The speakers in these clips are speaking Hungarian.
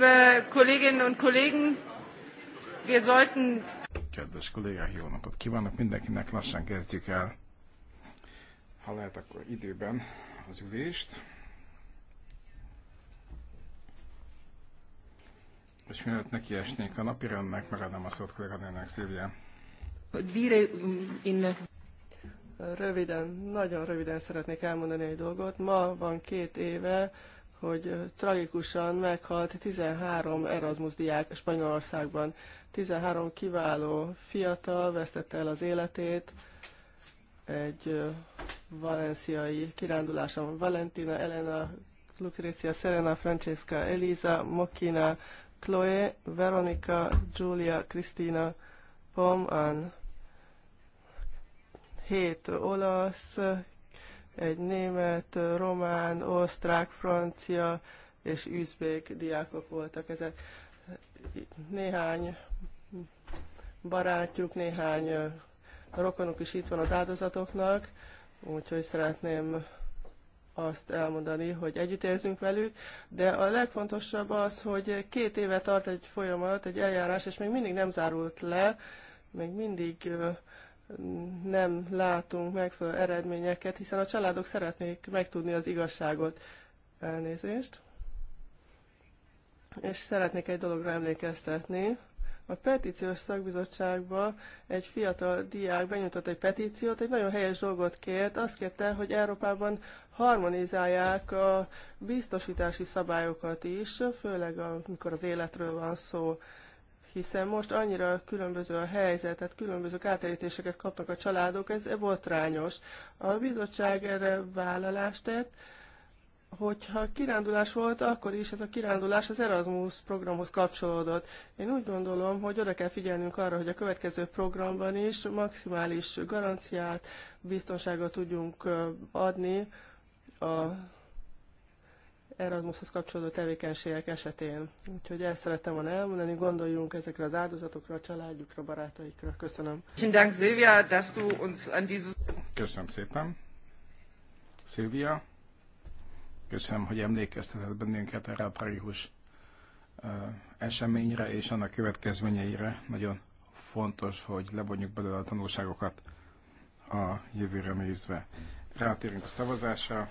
liebe Kolleginnen und Kollegen, wir sollten... Kedves kollégák, jó napot kívánok mindenkinek, lassan kezdjük el, ha lehet, akkor időben az ülést. És mielőtt nekiesnék a napirendnek, megadom a szót kolléganőnek, Szilvia. Mm, röviden, nagyon röviden szeretnék elmondani egy dolgot. Ma van két éve hogy tragikusan meghalt 13 Erasmus diák Spanyolországban. 13 kiváló fiatal vesztette el az életét egy valenciai kiránduláson. Valentina, Elena, Lucrezia, Serena, Francesca, Elisa, Mokina, Chloe, Veronica, Giulia, Cristina, Pom, Ann. Hét olasz, egy német, román, osztrák, francia és üzbék diákok voltak ezek. Néhány barátjuk, néhány rokonuk is itt van az áldozatoknak, úgyhogy szeretném azt elmondani, hogy együtt érzünk velük, de a legfontosabb az, hogy két éve tart egy folyamat, egy eljárás, és még mindig nem zárult le, még mindig nem látunk megfelelő eredményeket, hiszen a családok szeretnék megtudni az igazságot. Elnézést. És szeretnék egy dologra emlékeztetni. A petíciós szakbizottságban egy fiatal diák benyújtott egy petíciót, egy nagyon helyes dolgot kért. Azt kérte, hogy Európában harmonizálják a biztosítási szabályokat is, főleg amikor az életről van szó hiszen most annyira különböző a helyzet, tehát különböző kártérítéseket kapnak a családok, ez botrányos. A bizottság erre vállalást tett, hogyha kirándulás volt, akkor is ez a kirándulás az Erasmus programhoz kapcsolódott. Én úgy gondolom, hogy oda kell figyelnünk arra, hogy a következő programban is maximális garanciát, biztonságot tudjunk adni a Erasmushoz kapcsolódó tevékenységek esetén. Úgyhogy ezt szeretem volna elmondani, gondoljunk ezekre az áldozatokra, a családjukra, barátaikra. Köszönöm. Köszönöm szépen. Szilvia, köszönöm, hogy emlékeztetett bennünket erre a parihus eh, eseményre és annak következményeire. Nagyon fontos, hogy levonjuk belőle a tanulságokat a jövőre nézve. Rátérünk a szavazásra.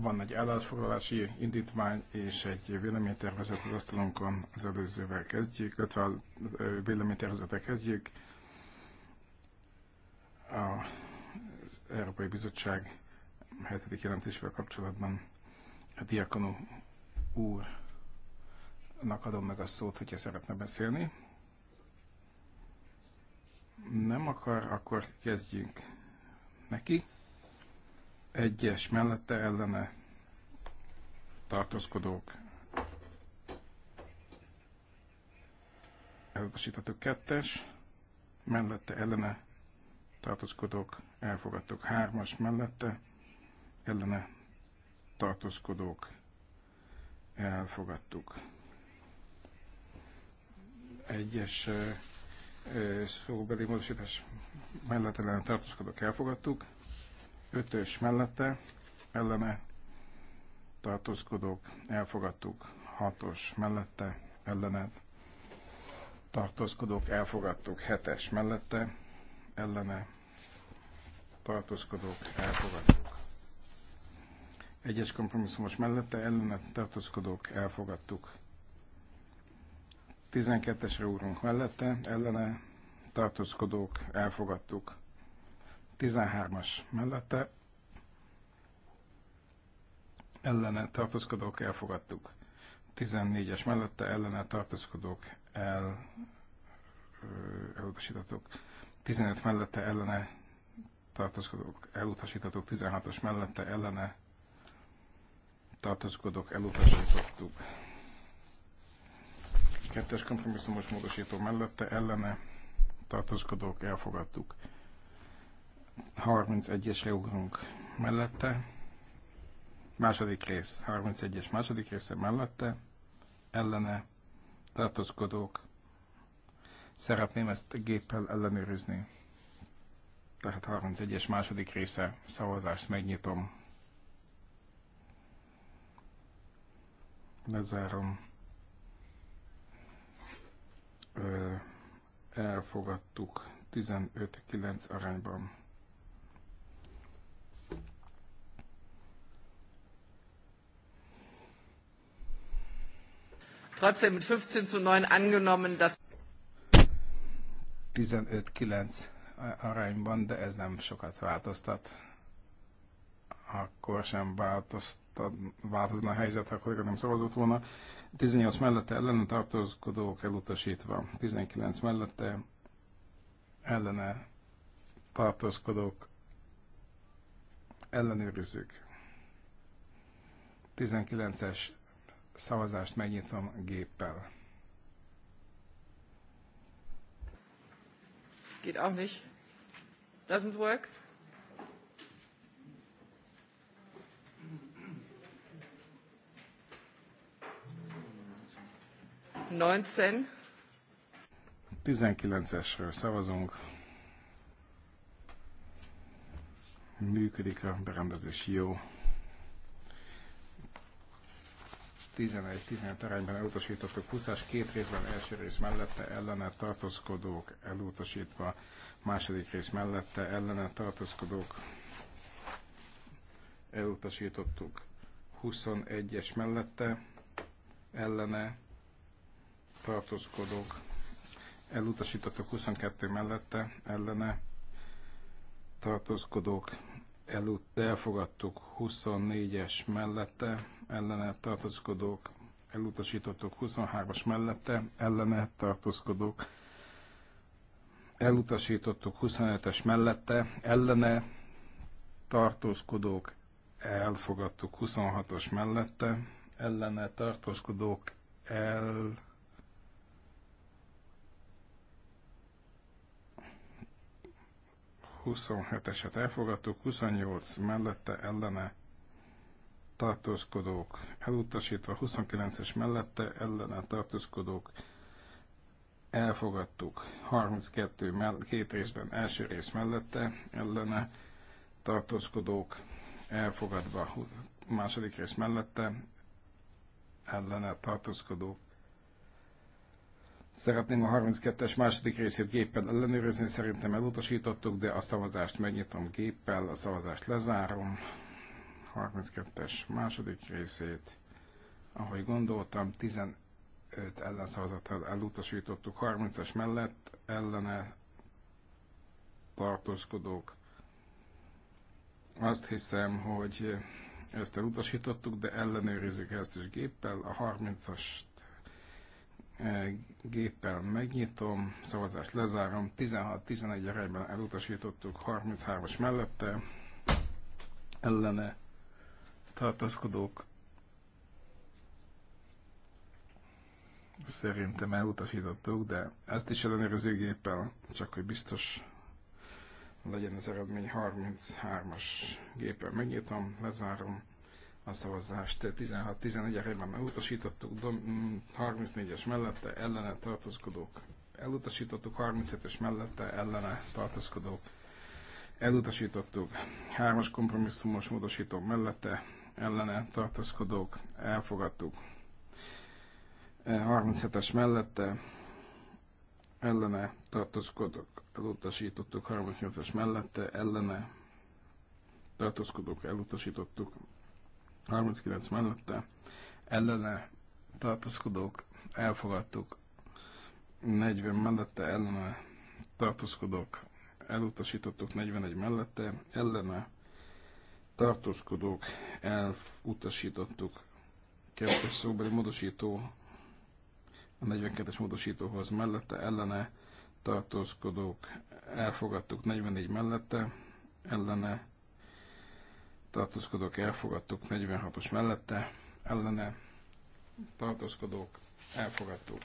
Van egy állásfoglalási indítvány és egy véleménytervezet az asztalunkon, az előzővel kezdjük, illetve a véleménytervezetek kezdjük. a Európai Bizottság 7. jelentésével kapcsolatban a Diakonú úrnak adom meg a szót, hogyha szeretne beszélni. Nem akar, akkor kezdjünk neki. Egyes mellette ellene tartózkodók elutasítható kettes, mellette ellene tartózkodók elfogadtuk hármas mellette, ellene tartózkodók elfogadtuk. Egyes szóbeli módosítás mellett ellene tartózkodók elfogadtuk. Ötös mellette ellene tartózkodók elfogadtuk. Hatos mellette ellene tartózkodók elfogadtuk. Hetes mellette ellene tartózkodók elfogadtuk. Egyes kompromisszumos mellette ellene tartózkodók elfogadtuk. 12-esre úrunk mellette ellene tartózkodók elfogadtuk. 13-as mellette ellene tartózkodók elfogadtuk. 14-es mellette ellene tartózkodók el, elutasítottuk. 15 mellette ellene tartózkodók elutasítottuk. 16-os mellette ellene tartózkodók elutasítottuk. Kettes kompromisszumos módosító mellette ellene tartózkodók elfogadtuk. 31-esre ugrunk mellette. Második rész, 31-es második része mellette. Ellene tartózkodók. Szeretném ezt géppel ellenőrizni. Tehát 31-es második része szavazást megnyitom. Lezárom. Ö, elfogadtuk 15-9 arányban. trotzdem mit 15 zu 9 angenommen, dass 15-9 arányban, de ez nem sokat változtat. Akkor sem változtat, változna a helyzet, akkor kolléga nem szabadott volna. 18 mellette ellene tartózkodók elutasítva. 19 mellette ellene tartózkodók ellenőrizzük. 19-es Szavazást megnyitom géppel. Geht auch nicht. Doesn't work. Neunzehn. 19-esről szavazunk. Működik a berendezés jó. 11-15 arányban elutasítottuk, 20-as két részben első rész mellette ellene tartózkodók elutasítva, második rész mellette ellene tartózkodók elutasítottuk, 21-es mellette ellene tartózkodók elutasítottuk, 22 mellette ellene tartózkodók elut, elfogadtuk 24-es mellette ellene tartózkodók elutasítottuk 23-as mellette, ellene tartózkodók elutasítottuk 25-es mellette, ellene tartózkodók elfogadtuk 26-os mellette, ellene tartózkodók el eset elfogadtuk, 28 mellette ellene tartózkodók elutasítva, 29-es mellette ellene tartózkodók elfogadtuk, 32 mell- két részben első rész mellette ellene tartózkodók elfogadva, második rész mellette ellene tartózkodók Szeretném a 32-es második részét géppel ellenőrizni, szerintem elutasítottuk, de a szavazást megnyitom géppel, a szavazást lezárom. 32-es második részét, ahogy gondoltam, 15 ellenszavazattal elutasítottuk, 30-es mellett ellene tartózkodók. Azt hiszem, hogy ezt elutasítottuk, de ellenőrizzük ezt is géppel. A 30-as e, géppel megnyitom, szavazást lezárom, 16-11 arányban elutasítottuk, 33-as mellette, ellene tartózkodók. Szerintem elutasítottuk, de ezt is ellenőrző géppel, csak hogy biztos legyen az eredmény 33-as géppel megnyitom, lezárom a szavazást 16-11 re már elutasítottuk, 34-es mm, mellette ellene tartózkodók elutasítottuk, 37-es mellette ellene tartózkodók elutasítottuk, 3-as kompromisszumos módosító mellette ellene tartózkodók elfogadtuk. 37-es e, mellette ellene tartózkodók elutasítottuk, 38-es mellette ellene tartózkodók elutasítottuk, 39 mellette ellene tartózkodók elfogadtuk, 40 mellette ellene tartózkodók elutasítottuk, 41 mellette ellene tartózkodók elutasítottuk kettes szóbeli módosító a 42-es módosítóhoz mellette, ellene tartózkodók elfogadtuk 44 mellette, ellene tartózkodók elfogadtuk 46-os mellette, ellene tartózkodók elfogadtuk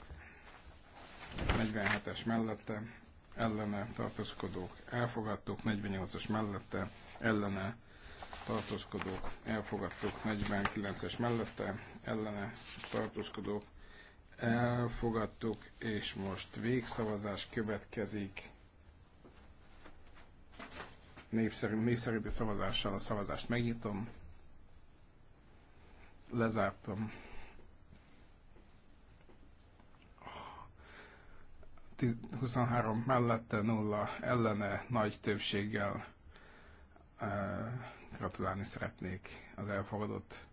47-es mellette, ellene tartózkodók elfogadtuk 48-as mellette, ellene tartózkodók elfogadtuk 49-es mellette, ellene tartózkodók elfogadtuk, és most végszavazás következik. Népszerű, népszerűbbi szavazással a szavazást megnyitom. Lezártam. 23 mellette, nulla ellene, nagy többséggel Gratulálni szeretnék az elfogadott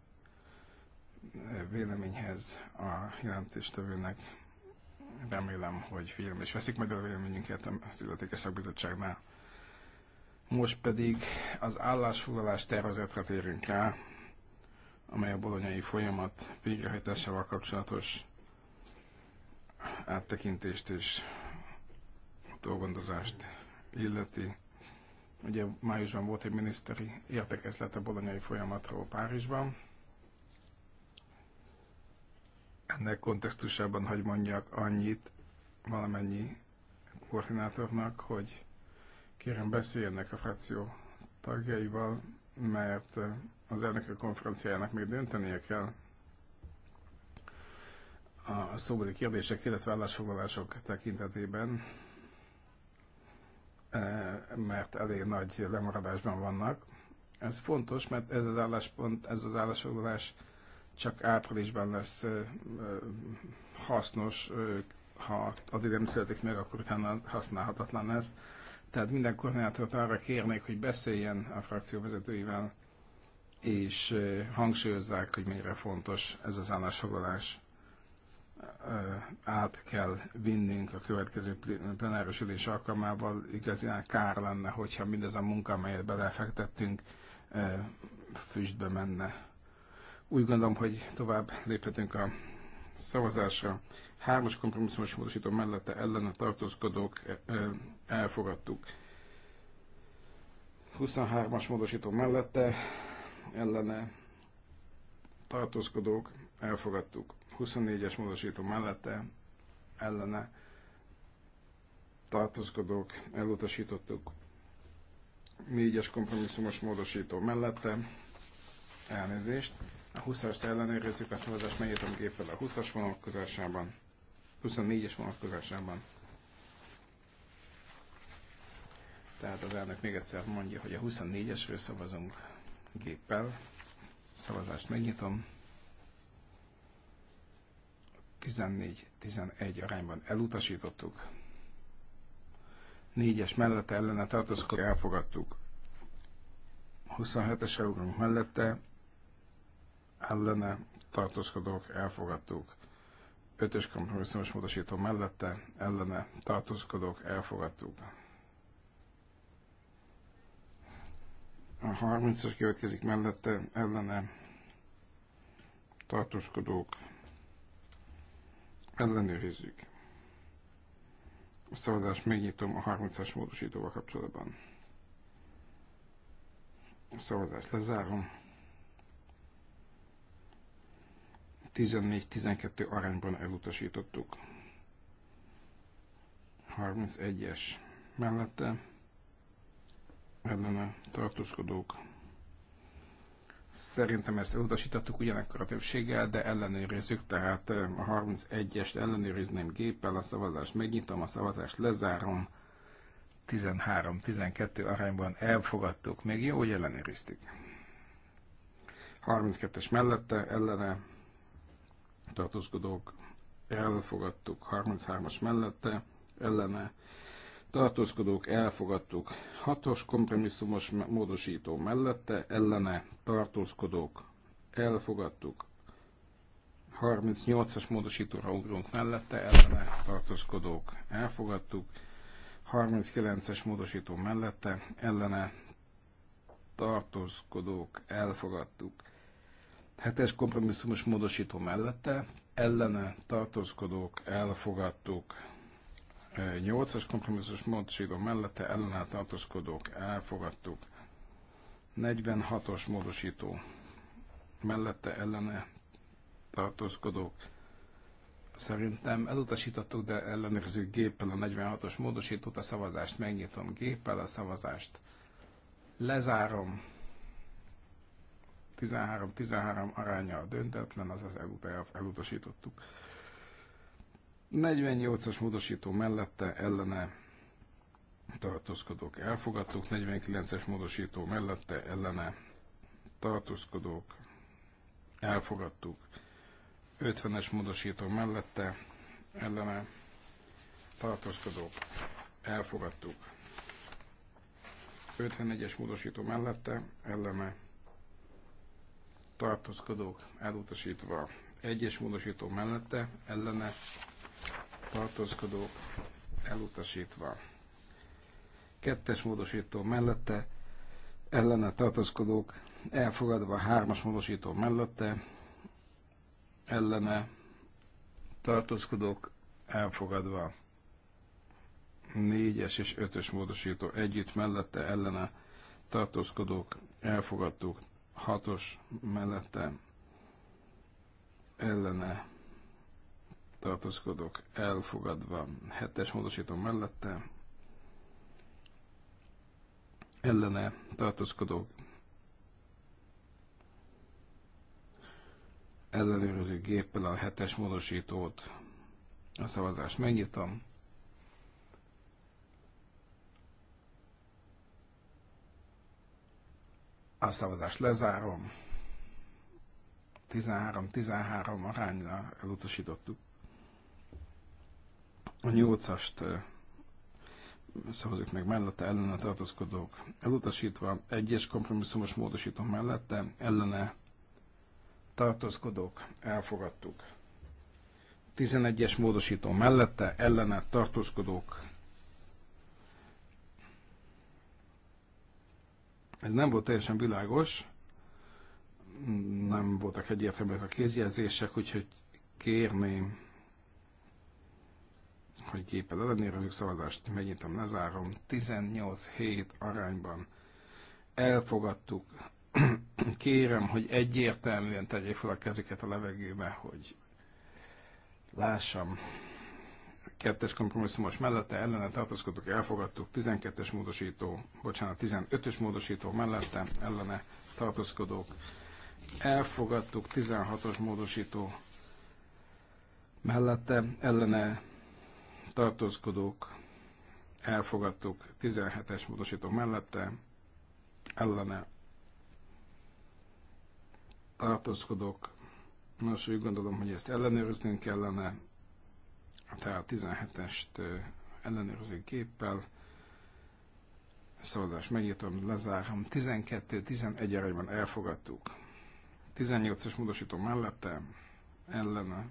véleményhez a jelentéstevőnek. Remélem, hogy figyelme is veszik meg a véleményünket az illetékes szakbizottságnál. Most pedig az állásfoglalás tervezetre térünk rá, amely a bolonyai folyamat végrehajtásával kapcsolatos áttekintést és dolgondozást illeti. Ugye májusban volt egy miniszteri értekezlet a bolonyai folyamatról Párizsban. Ennek kontextusában, hogy mondjak annyit valamennyi koordinátornak, hogy kérem beszéljenek a frakció tagjaival, mert az elnökök konferenciájának még döntenie kell a szóbeli kérdések, illetve állásfoglalások tekintetében, Eh, mert elég nagy lemaradásban vannak. Ez fontos, mert ez az álláspont, ez az állásfoglalás csak áprilisban lesz eh, eh, hasznos, ha addig nem születik meg, akkor utána használhatatlan lesz. Tehát minden koordinátort arra kérnék, hogy beszéljen a frakció vezetőivel, és hangsúlyozzák, hogy mennyire fontos ez az állásfoglalás át kell vinnünk a következő plenáros ülés alkalmával. Igazán kár lenne, hogyha mindez a munka, amelyet belefektettünk, füstbe menne. Úgy gondolom, hogy tovább léphetünk a szavazásra. Hármas kompromisszumos módosító mellette a tartózkodók elfogadtuk. 23-as módosító mellette ellene tartózkodók elfogadtuk. 24-es módosító mellette ellene tartózkodók elutasítottuk. 4-es kompromisszumos módosító mellette elnézést. A 20-ast ellenőrizzük a szavazást, megnyitom géppel a 20-as vonatkozásában, 24-es vonatkozásában. Tehát az elnök még egyszer mondja, hogy a 24-esről szavazunk géppel. Szavazást megnyitom. 14-11 arányban elutasítottuk. 4-es mellette ellene tartozkodik, elfogadtuk. 27-es elugrom mellette ellene tartózkodók, elfogadtuk. 5-ös kompromisszumos módosító mellette ellene tartózkodók, elfogadtuk. A 30-as következik mellette ellene tartózkodók, Ellenőrizzük. A szavazást megnyitom a 30-as módosítóval kapcsolatban. A szavazást lezárom. 14-12 arányban elutasítottuk. 31-es mellette ellene tartózkodók Szerintem ezt elutasítottuk ugyanakkor a többséggel, de ellenőrizzük, tehát a 31-est ellenőrizném géppel, a szavazást megnyitom, a szavazást lezárom. 13-12 arányban elfogadtuk. Még jó, hogy ellenőriztük. 32-es mellette, ellene tartózkodók elfogadtuk. 33-as mellette, ellene tartózkodók elfogadtuk. Hatos kompromisszumos módosító mellette, ellene tartózkodók elfogadtuk. 38-as módosítóra ugrunk mellette, ellene tartózkodók elfogadtuk. 39-es módosító mellette, ellene tartózkodók elfogadtuk. 7-es kompromisszumos módosító mellette, ellene tartózkodók elfogadtuk. 8-as kompromisszus módosító mellette ellenállt tartózkodók elfogadtuk. 46-os módosító mellette ellene tartózkodók szerintem elutasítottuk, de ellenőrző géppel a 46-os módosítót, a szavazást megnyitom géppel, a szavazást lezárom. 13-13 aránya a döntetlen, azaz elutasítottuk. 48-as módosító mellette ellene tartózkodók elfogadtuk, 49-es módosító mellette ellene tartózkodók elfogadtuk, 50-es módosító mellette ellene tartózkodók elfogadtuk, 51-es módosító mellette ellene tartózkodók elutasítva, 1-es módosító mellette ellene tartózkodók elutasítva. Kettes módosító mellette ellene tartózkodók elfogadva, hármas módosító mellette ellene tartózkodók elfogadva, négyes és ötös módosító együtt mellette ellene tartózkodók elfogadtuk, hatos mellette ellene tartózkodók elfogadva, hetes módosító mellette, ellene tartózkodók ellenőrző géppel a hetes módosítót a szavazást megnyitom. A szavazást lezárom. 13-13 arányra elutasítottuk. A nyolcast szavazók meg mellette, ellene tartozkodók. elutasítva, egyes kompromisszumos módosító mellette, ellene tartózkodók elfogadtuk. 11-es módosító mellette, ellene tartózkodók Ez nem volt teljesen világos, nem voltak egyértelműek a kézjelzések, úgyhogy kérném hogy géppel ellenőrizzük szavazást, megnyitom, lezárom. 18-7 arányban elfogadtuk. Kérem, hogy egyértelműen tegyék fel a kezüket a levegőbe, hogy lássam. Kettes kompromisszumos mellette ellene tartózkodtuk, elfogadtuk. 12-es módosító, bocsánat, 15-ös módosító mellette ellene tartózkodók. Elfogadtuk 16-os módosító mellette ellene tartózkodók, elfogadtuk 17-es módosító mellette, ellene tartózkodók, nos úgy gondolom, hogy ezt ellenőriznünk kellene, tehát 17-est ellenőrző képpel. szavazás megnyitom, lezárom, 12-11 arányban elfogadtuk. 18 es módosító mellette, ellene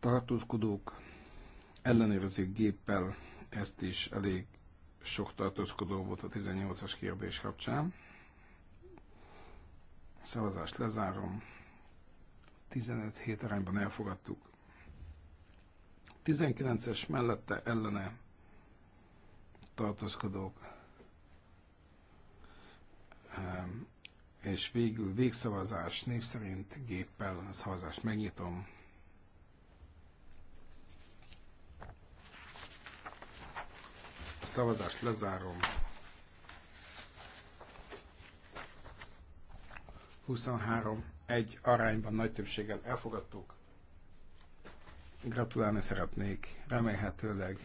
tartózkodók ellenőrzik géppel, ezt is elég sok tartózkodó volt a 18-as kérdés kapcsán. Szavazást lezárom. 15 hét arányban elfogadtuk. 19-es mellette ellene tartózkodók. Ehm, és végül végszavazás név szerint géppel a szavazást megnyitom. szavazást lezárom. 23 egy arányban nagy többséggel elfogadtuk. Gratulálni szeretnék, remélhetőleg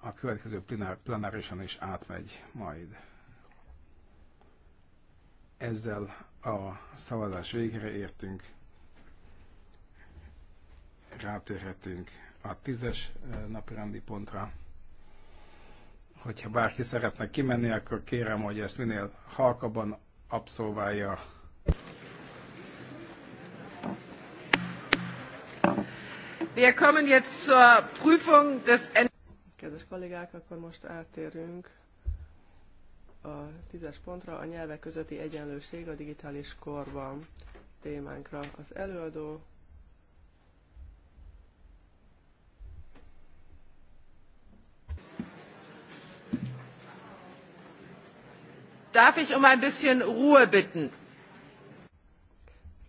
a következő plenárisan is átmegy majd. Ezzel a szavazás végére értünk, rátérhetünk a tízes eh, napirendi pontra hogyha bárki szeretne kimenni, akkor kérem, hogy ezt minél halkabban abszolválja. Wir kommen jetzt zur Prüfung des Kedves kollégák, akkor most áttérünk a tízes pontra, a nyelvek közötti egyenlőség a digitális korban témánkra. Az előadó Darf ich um ein bisschen Ruhe bitten?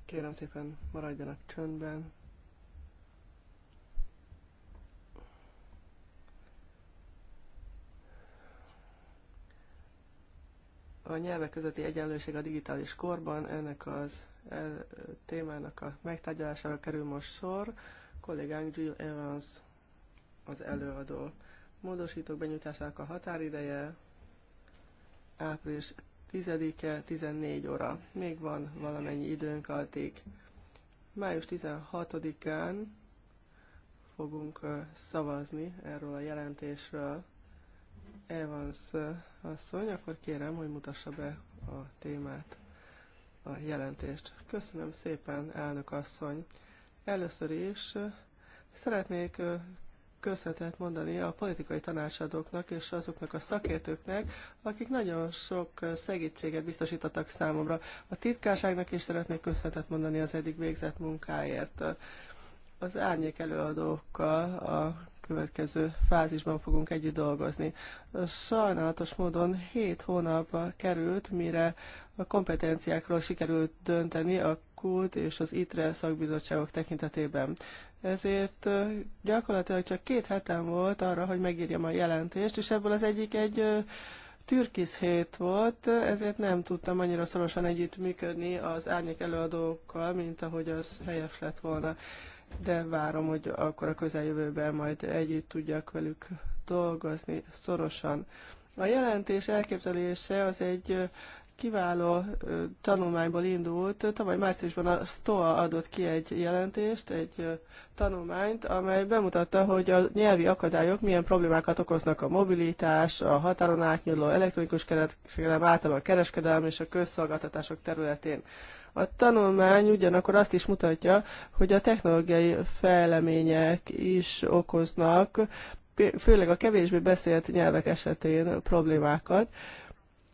Kérem szépen, maradjanak csöndben. A nyelvek közötti egyenlőség a digitális korban, ennek az e, témának a megtárgyalására kerül most sor. Kollégánk Jill Evans az előadó. Módosítók benyújtásának a határideje április 10-e, 14 óra. Még van valamennyi időnk addig. Május 16-án fogunk szavazni erről a jelentésről. Evans asszony, akkor kérem, hogy mutassa be a témát, a jelentést. Köszönöm szépen, elnök asszony. Először is szeretnék köszönetet mondani a politikai tanácsadóknak és azoknak a szakértőknek, akik nagyon sok segítséget biztosítottak számomra. A titkárságnak is szeretnék köszönetet mondani az eddig végzett munkáért. Az árnyék előadókkal a következő fázisban fogunk együtt dolgozni. Sajnálatos módon 7 hónapba került, mire a kompetenciákról sikerült dönteni a KUD és az ITRE szakbizottságok tekintetében ezért gyakorlatilag csak két hetem volt arra, hogy megírjam a jelentést, és ebből az egyik egy türkisz hét volt, ezért nem tudtam annyira szorosan együttműködni az árnyék előadókkal, mint ahogy az helyes lett volna. De várom, hogy akkor a közeljövőben majd együtt tudjak velük dolgozni szorosan. A jelentés elképzelése az egy kiváló tanulmányból indult. Tavaly márciusban a STOA adott ki egy jelentést, egy tanulmányt, amely bemutatta, hogy a nyelvi akadályok milyen problémákat okoznak a mobilitás, a határon átnyúló elektronikus kereskedelem, általában a kereskedelem és a közszolgáltatások területén. A tanulmány ugyanakkor azt is mutatja, hogy a technológiai fejlemények is okoznak, főleg a kevésbé beszélt nyelvek esetén problémákat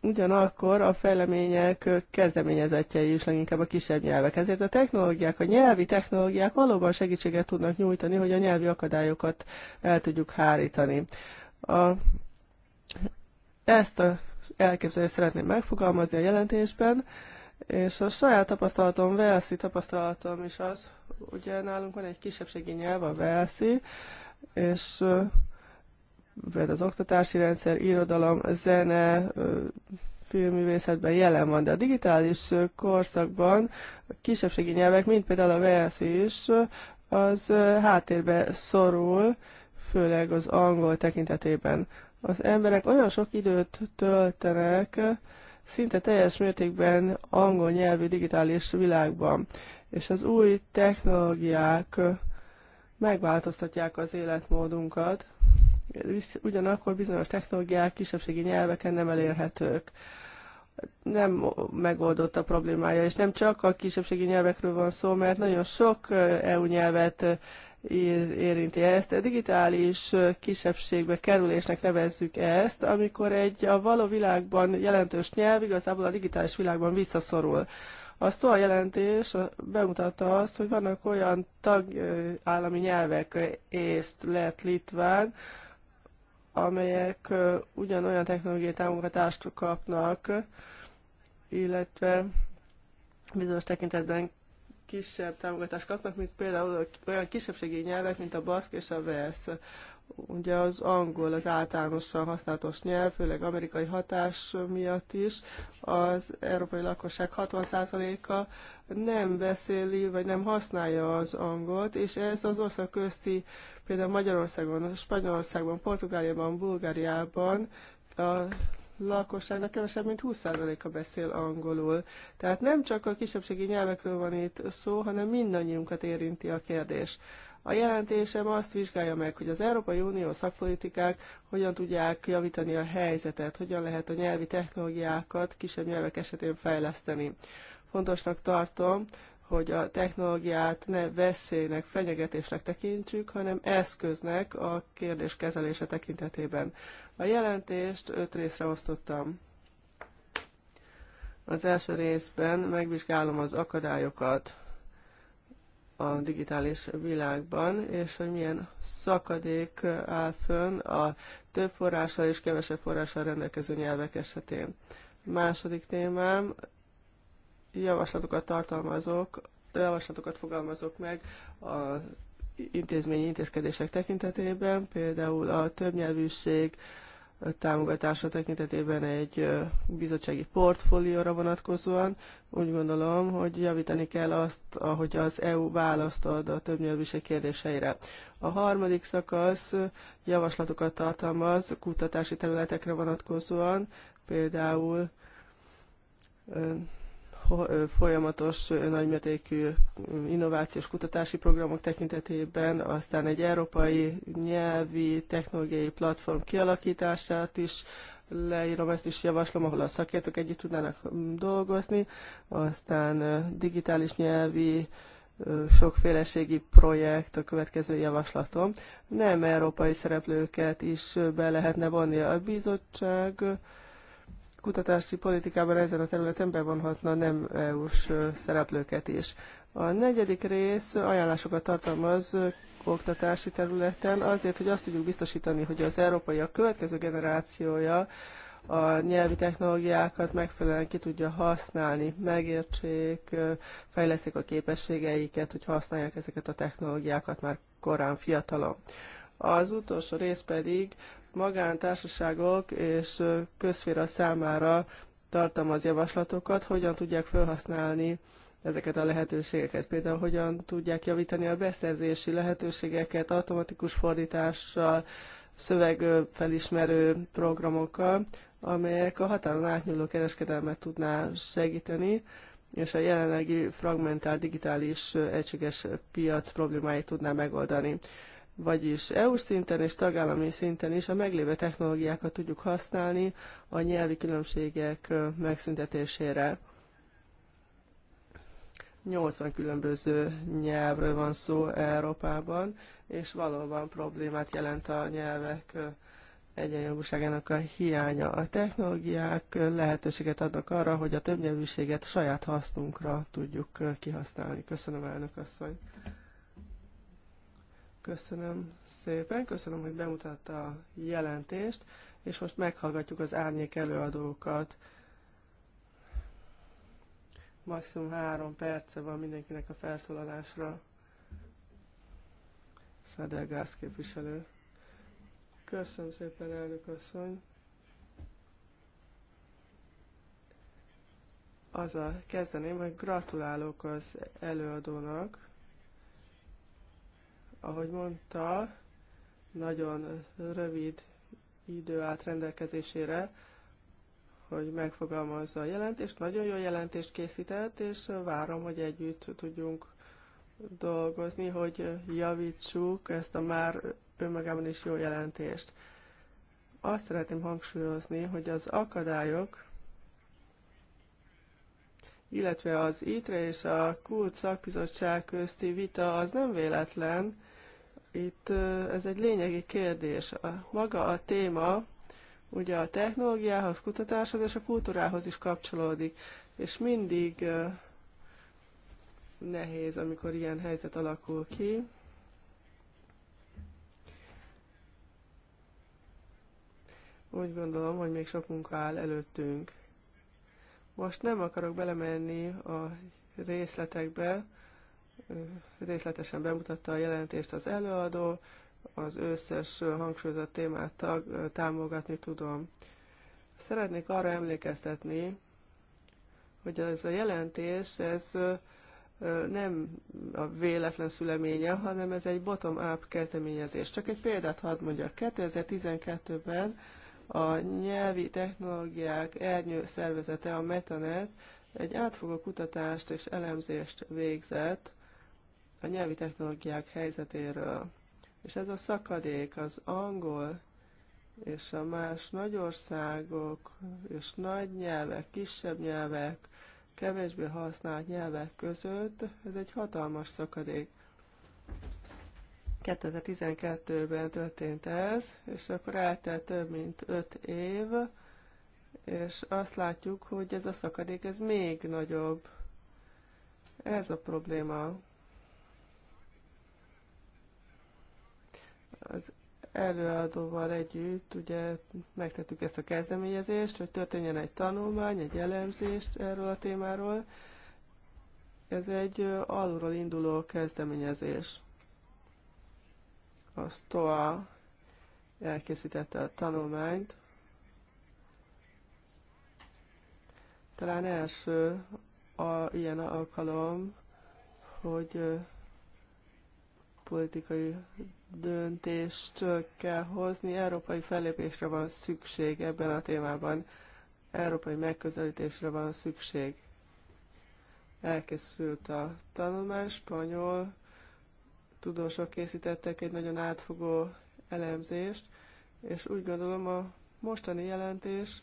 ugyanakkor a fejlemények kezdeményezetjei is leginkább a kisebb nyelvek. Ezért a technológiák, a nyelvi technológiák valóban segítséget tudnak nyújtani, hogy a nyelvi akadályokat el tudjuk hárítani. A, ezt a elképzelést szeretném megfogalmazni a jelentésben, és a saját tapasztalatom, Velszi tapasztalatom is az, ugye nálunk van egy kisebbségi nyelv, a Velszi, és mert az oktatási rendszer, irodalom, zene, filmművészetben jelen van, de a digitális korszakban a kisebbségi nyelvek, mint például a VS is, az háttérbe szorul, főleg az angol tekintetében. Az emberek olyan sok időt töltenek, szinte teljes mértékben angol nyelvű digitális világban, és az új technológiák megváltoztatják az életmódunkat, ugyanakkor bizonyos technológiák kisebbségi nyelveken nem elérhetők. Nem megoldott a problémája, és nem csak a kisebbségi nyelvekről van szó, mert nagyon sok EU nyelvet érinti ezt. A digitális kisebbségbe kerülésnek nevezzük ezt, amikor egy a való világban jelentős nyelv igazából a digitális világban visszaszorul. A a jelentés bemutatta azt, hogy vannak olyan tagállami nyelvek, észt, lett, litván, amelyek ugyanolyan technológiai támogatást kapnak, illetve bizonyos tekintetben kisebb támogatást kapnak, mint például olyan kisebbségi nyelvek, mint a baszk és a versz. Ugye az angol az általánosan használatos nyelv, főleg amerikai hatás miatt is. Az európai lakosság 60%-a nem beszéli, vagy nem használja az angolt, és ez az ország közti, például Magyarországon, Spanyolországban, Portugáliában, Bulgáriában a lakosságnak kevesebb, mint 20%-a beszél angolul. Tehát nem csak a kisebbségi nyelvekről van itt szó, hanem mindannyiunkat érinti a kérdés. A jelentésem azt vizsgálja meg, hogy az Európai Unió szakpolitikák hogyan tudják javítani a helyzetet, hogyan lehet a nyelvi technológiákat kisebb nyelvek esetén fejleszteni. Fontosnak tartom, hogy a technológiát ne veszélynek, fenyegetésnek tekintsük, hanem eszköznek a kérdés kezelése tekintetében. A jelentést öt részre osztottam. Az első részben megvizsgálom az akadályokat a digitális világban, és hogy milyen szakadék áll fönn a több forrással és kevesebb forrással rendelkező nyelvek esetén. Második témám, javaslatokat tartalmazok, javaslatokat fogalmazok meg a intézményi intézkedések tekintetében, például a többnyelvűség, támogatása tekintetében egy bizottsági portfólióra vonatkozóan. Úgy gondolom, hogy javítani kell azt, ahogy az EU választ ad a többnyelvűség kérdéseire. A harmadik szakasz javaslatokat tartalmaz kutatási területekre vonatkozóan, például folyamatos nagymértékű innovációs kutatási programok tekintetében, aztán egy európai nyelvi, technológiai platform kialakítását is leírom, ezt is javaslom, ahol a szakértők együtt tudnának dolgozni, aztán digitális nyelvi sokféleségi projekt a következő javaslatom. Nem európai szereplőket is be lehetne vonni a bizottság, kutatási politikában ezen a területen bevonhatna nem EU-s szereplőket is. A negyedik rész ajánlásokat tartalmaz oktatási területen azért, hogy azt tudjuk biztosítani, hogy az európai a következő generációja a nyelvi technológiákat megfelelően ki tudja használni, megértsék, fejleszik a képességeiket, hogy használják ezeket a technológiákat már korán fiatalon. Az utolsó rész pedig magántársaságok és közféra számára tartalmaz javaslatokat, hogyan tudják felhasználni ezeket a lehetőségeket. Például hogyan tudják javítani a beszerzési lehetőségeket automatikus fordítással, szövegfelismerő programokkal, amelyek a határon átnyúló kereskedelmet tudná segíteni, és a jelenlegi fragmentált digitális egységes piac problémáit tudná megoldani vagyis EU szinten és tagállami szinten is a meglévő technológiákat tudjuk használni a nyelvi különbségek megszüntetésére. 80 különböző nyelvről van szó Európában, és valóban problémát jelent a nyelvek egyenjogúságának a hiánya. A technológiák lehetőséget adnak arra, hogy a többnyelvűséget saját hasznunkra tudjuk kihasználni. Köszönöm, elnök asszony! Köszönöm szépen, köszönöm, hogy bemutatta a jelentést, és most meghallgatjuk az árnyék előadókat. Maximum három perce van mindenkinek a felszólalásra. Szedel Gász képviselő. Köszönöm szépen, elnök asszony. Azzal kezdeném, hogy gratulálok az előadónak, ahogy mondta, nagyon rövid idő állt rendelkezésére, hogy megfogalmazza a jelentést. Nagyon jó jelentést készített, és várom, hogy együtt tudjunk dolgozni, hogy javítsuk ezt a már önmagában is jó jelentést. Azt szeretném hangsúlyozni, hogy az akadályok, illetve az ITRE és a KULT szakbizottság közti vita az nem véletlen, itt ez egy lényegi kérdés. A, maga a téma ugye a technológiához, kutatáshoz és a kultúrához is kapcsolódik, és mindig nehéz, amikor ilyen helyzet alakul ki. Úgy gondolom, hogy még sok munka áll előttünk. Most nem akarok belemenni a részletekbe, részletesen bemutatta a jelentést az előadó, az összes hangsúlyozott témát tag, támogatni tudom. Szeretnék arra emlékeztetni, hogy ez a jelentés, ez nem a véletlen szüleménye, hanem ez egy bottom-up kezdeményezés. Csak egy példát hadd mondjak. 2012-ben a nyelvi technológiák ernyő szervezete, a Metanet egy átfogó kutatást és elemzést végzett a nyelvi technológiák helyzetéről. És ez a szakadék az angol és a más nagy országok és nagy nyelvek, kisebb nyelvek, kevésbé használt nyelvek között, ez egy hatalmas szakadék. 2012-ben történt ez, és akkor eltelt több mint 5 év, és azt látjuk, hogy ez a szakadék ez még nagyobb. Ez a probléma. az előadóval együtt ugye megtettük ezt a kezdeményezést, hogy történjen egy tanulmány, egy elemzést erről a témáról. Ez egy alulról induló kezdeményezés. A STOA elkészítette a tanulmányt. Talán első a, ilyen alkalom, hogy politikai döntést kell hozni, európai fellépésre van szükség ebben a témában, európai megközelítésre van szükség. Elkészült a tanulmány, spanyol tudósok készítettek egy nagyon átfogó elemzést, és úgy gondolom a mostani jelentés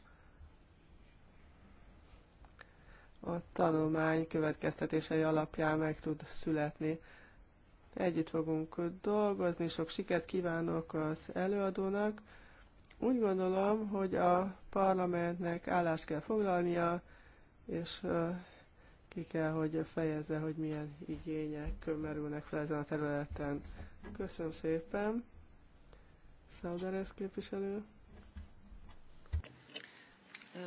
a tanulmány következtetései alapján meg tud születni. Együtt fogunk dolgozni, sok sikert kívánok az előadónak. Úgy gondolom, hogy a parlamentnek állást kell foglalnia, és ki kell, hogy fejezze, hogy milyen igények merülnek fel ezen a területen. Köszönöm szépen. Szaudarész képviselő. Uh,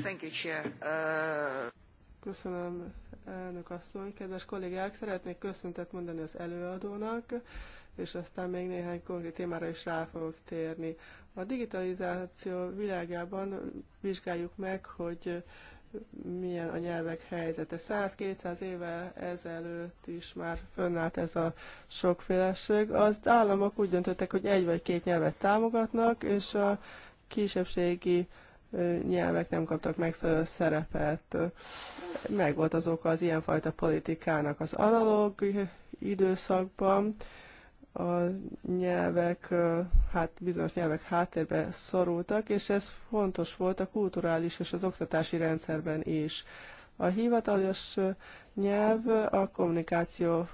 thank you, Chair. Uh... Köszönöm elnök asszony, kedves kollégák, szeretnék köszöntet mondani az előadónak, és aztán még néhány konkrét témára is rá fogok térni. A digitalizáció világában vizsgáljuk meg, hogy milyen a nyelvek helyzete. 100-200 éve ezelőtt is már fönnállt ez a sokféleség. Az államok úgy döntöttek, hogy egy vagy két nyelvet támogatnak, és a kisebbségi nyelvek nem kaptak megfelelő szerepet. Meg volt az oka az ilyenfajta politikának az analóg időszakban, a nyelvek, hát bizonyos nyelvek háttérbe szorultak, és ez fontos volt a kulturális és az oktatási rendszerben is. A hivatalos nyelv a kommunikáció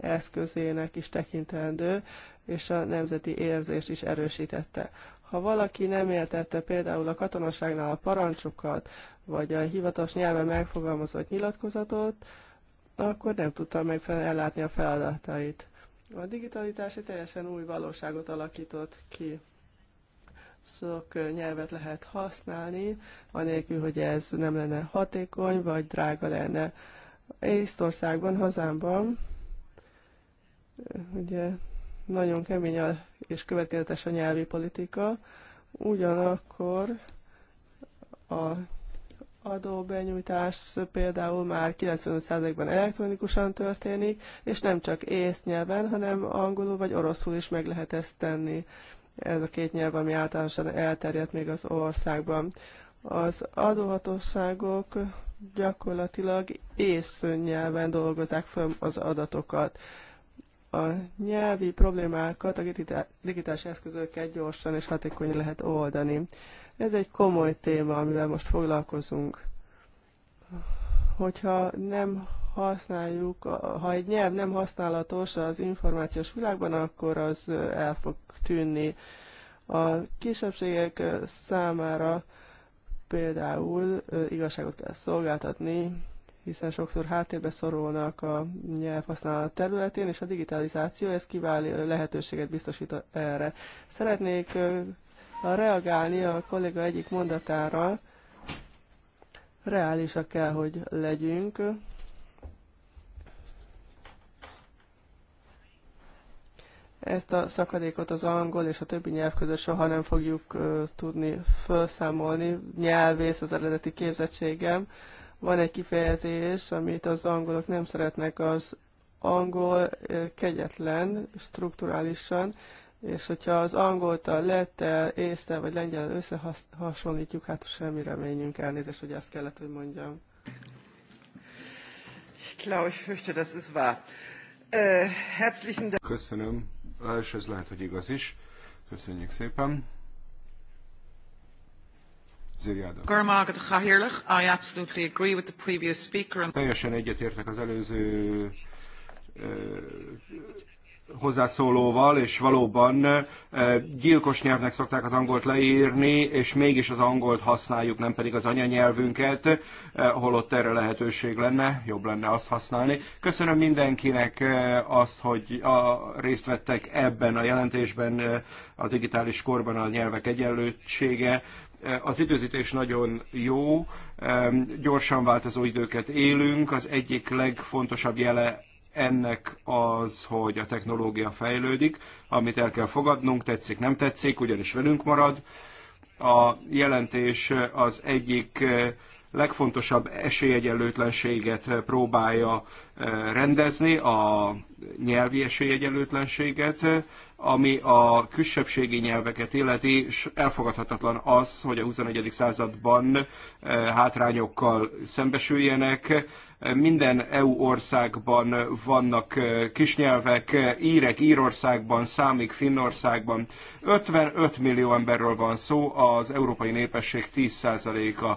eszközének is tekintendő, és a nemzeti érzést is erősítette. Ha valaki nem értette például a katonaságnál a parancsokat, vagy a hivatalos nyelven megfogalmazott nyilatkozatot, akkor nem tudta megfelelően ellátni a feladatait. A digitalitás egy teljesen új valóságot alakított ki. Sok nyelvet lehet használni, anélkül, hogy ez nem lenne hatékony, vagy drága lenne. Észtországban, hazámban, ugye nagyon kemény és következetes a nyelvi politika. Ugyanakkor a adóbenyújtás például már 95%-ban elektronikusan történik, és nem csak ész nyelven, hanem angolul vagy oroszul is meg lehet ezt tenni. Ez a két nyelv, ami általánosan elterjedt még az országban. Az adóhatóságok gyakorlatilag nyelven dolgozzák fel az adatokat a nyelvi problémákat a digitális eszközökkel gyorsan és hatékonyan lehet oldani. Ez egy komoly téma, amivel most foglalkozunk. Hogyha nem használjuk, ha egy nyelv nem használatos az információs világban, akkor az el fog tűnni. A kisebbségek számára például igazságot kell szolgáltatni hiszen sokszor háttérbe szorulnak a nyelvhasználat területén, és a digitalizáció ez kiváló lehetőséget biztosít erre. Szeretnék reagálni a kolléga egyik mondatára, reálisak kell, hogy legyünk. Ezt a szakadékot az angol és a többi nyelv között soha nem fogjuk uh, tudni felszámolni. Nyelvész az eredeti képzettségem, van egy kifejezés, amit az angolok nem szeretnek, az angol kegyetlen, strukturálisan, és hogyha az angolt a lettel, észtel vagy lengyel összehasonlítjuk, hát semmi reményünk elnézést, hogy ezt kellett, hogy mondjam. Klaus fürchte, das ist wahr. Äh, herzlichen Dank. Köszönöm, és ez lehet, hogy igaz is. Köszönjük szépen. Teljesen egyetértek az előző hozzászólóval, és valóban gyilkos nyelvnek szokták az angolt leírni, és mégis az angolt használjuk, nem pedig az anyanyelvünket, holott erre lehetőség lenne, jobb lenne azt használni. Köszönöm mindenkinek azt, hogy a, részt vettek ebben a jelentésben, a digitális korban a nyelvek egyenlősége az időzítés nagyon jó, gyorsan változó időket élünk. Az egyik legfontosabb jele ennek az, hogy a technológia fejlődik, amit el kell fogadnunk, tetszik, nem tetszik, ugyanis velünk marad. A jelentés az egyik eh, legfontosabb esélyegyenlőtlenséget próbálja eh, rendezni, a nyelvi esélyegyenlőtlenséget. Ami a kisebbségi nyelveket illeti, és elfogadhatatlan az, hogy a 21. században eh, hátrányokkal szembesüljenek. Minden EU országban vannak eh, kisnyelvek, írek Írországban, számik Finnországban. 55 millió emberről van szó, az európai népesség 10%-a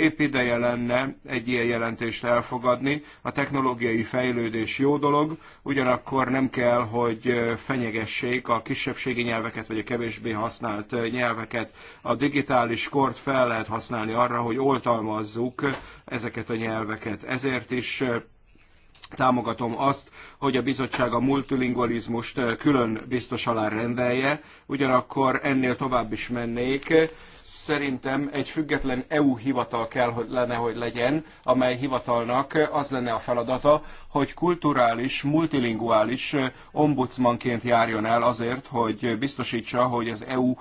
Épp ideje lenne egy ilyen jelentést elfogadni. A technológiai fejlődés jó dolog, ugyanakkor nem kell, hogy fenyegessék a kisebbségi nyelveket, vagy a kevésbé használt nyelveket. A digitális kort fel lehet használni arra, hogy oltalmazzuk ezeket a nyelveket. Ezért is támogatom azt, hogy a bizottság a multilingualizmust eh, külön biztos alá rendelje, ugyanakkor ennél tovább is mennék. Szerintem egy független EU hivatal kell, hogy lenne, hogy legyen, amely hivatalnak eh, az lenne a feladata, hogy kulturális, multilinguális eh, ombudsmanként járjon el azért, hogy biztosítsa, hogy az EU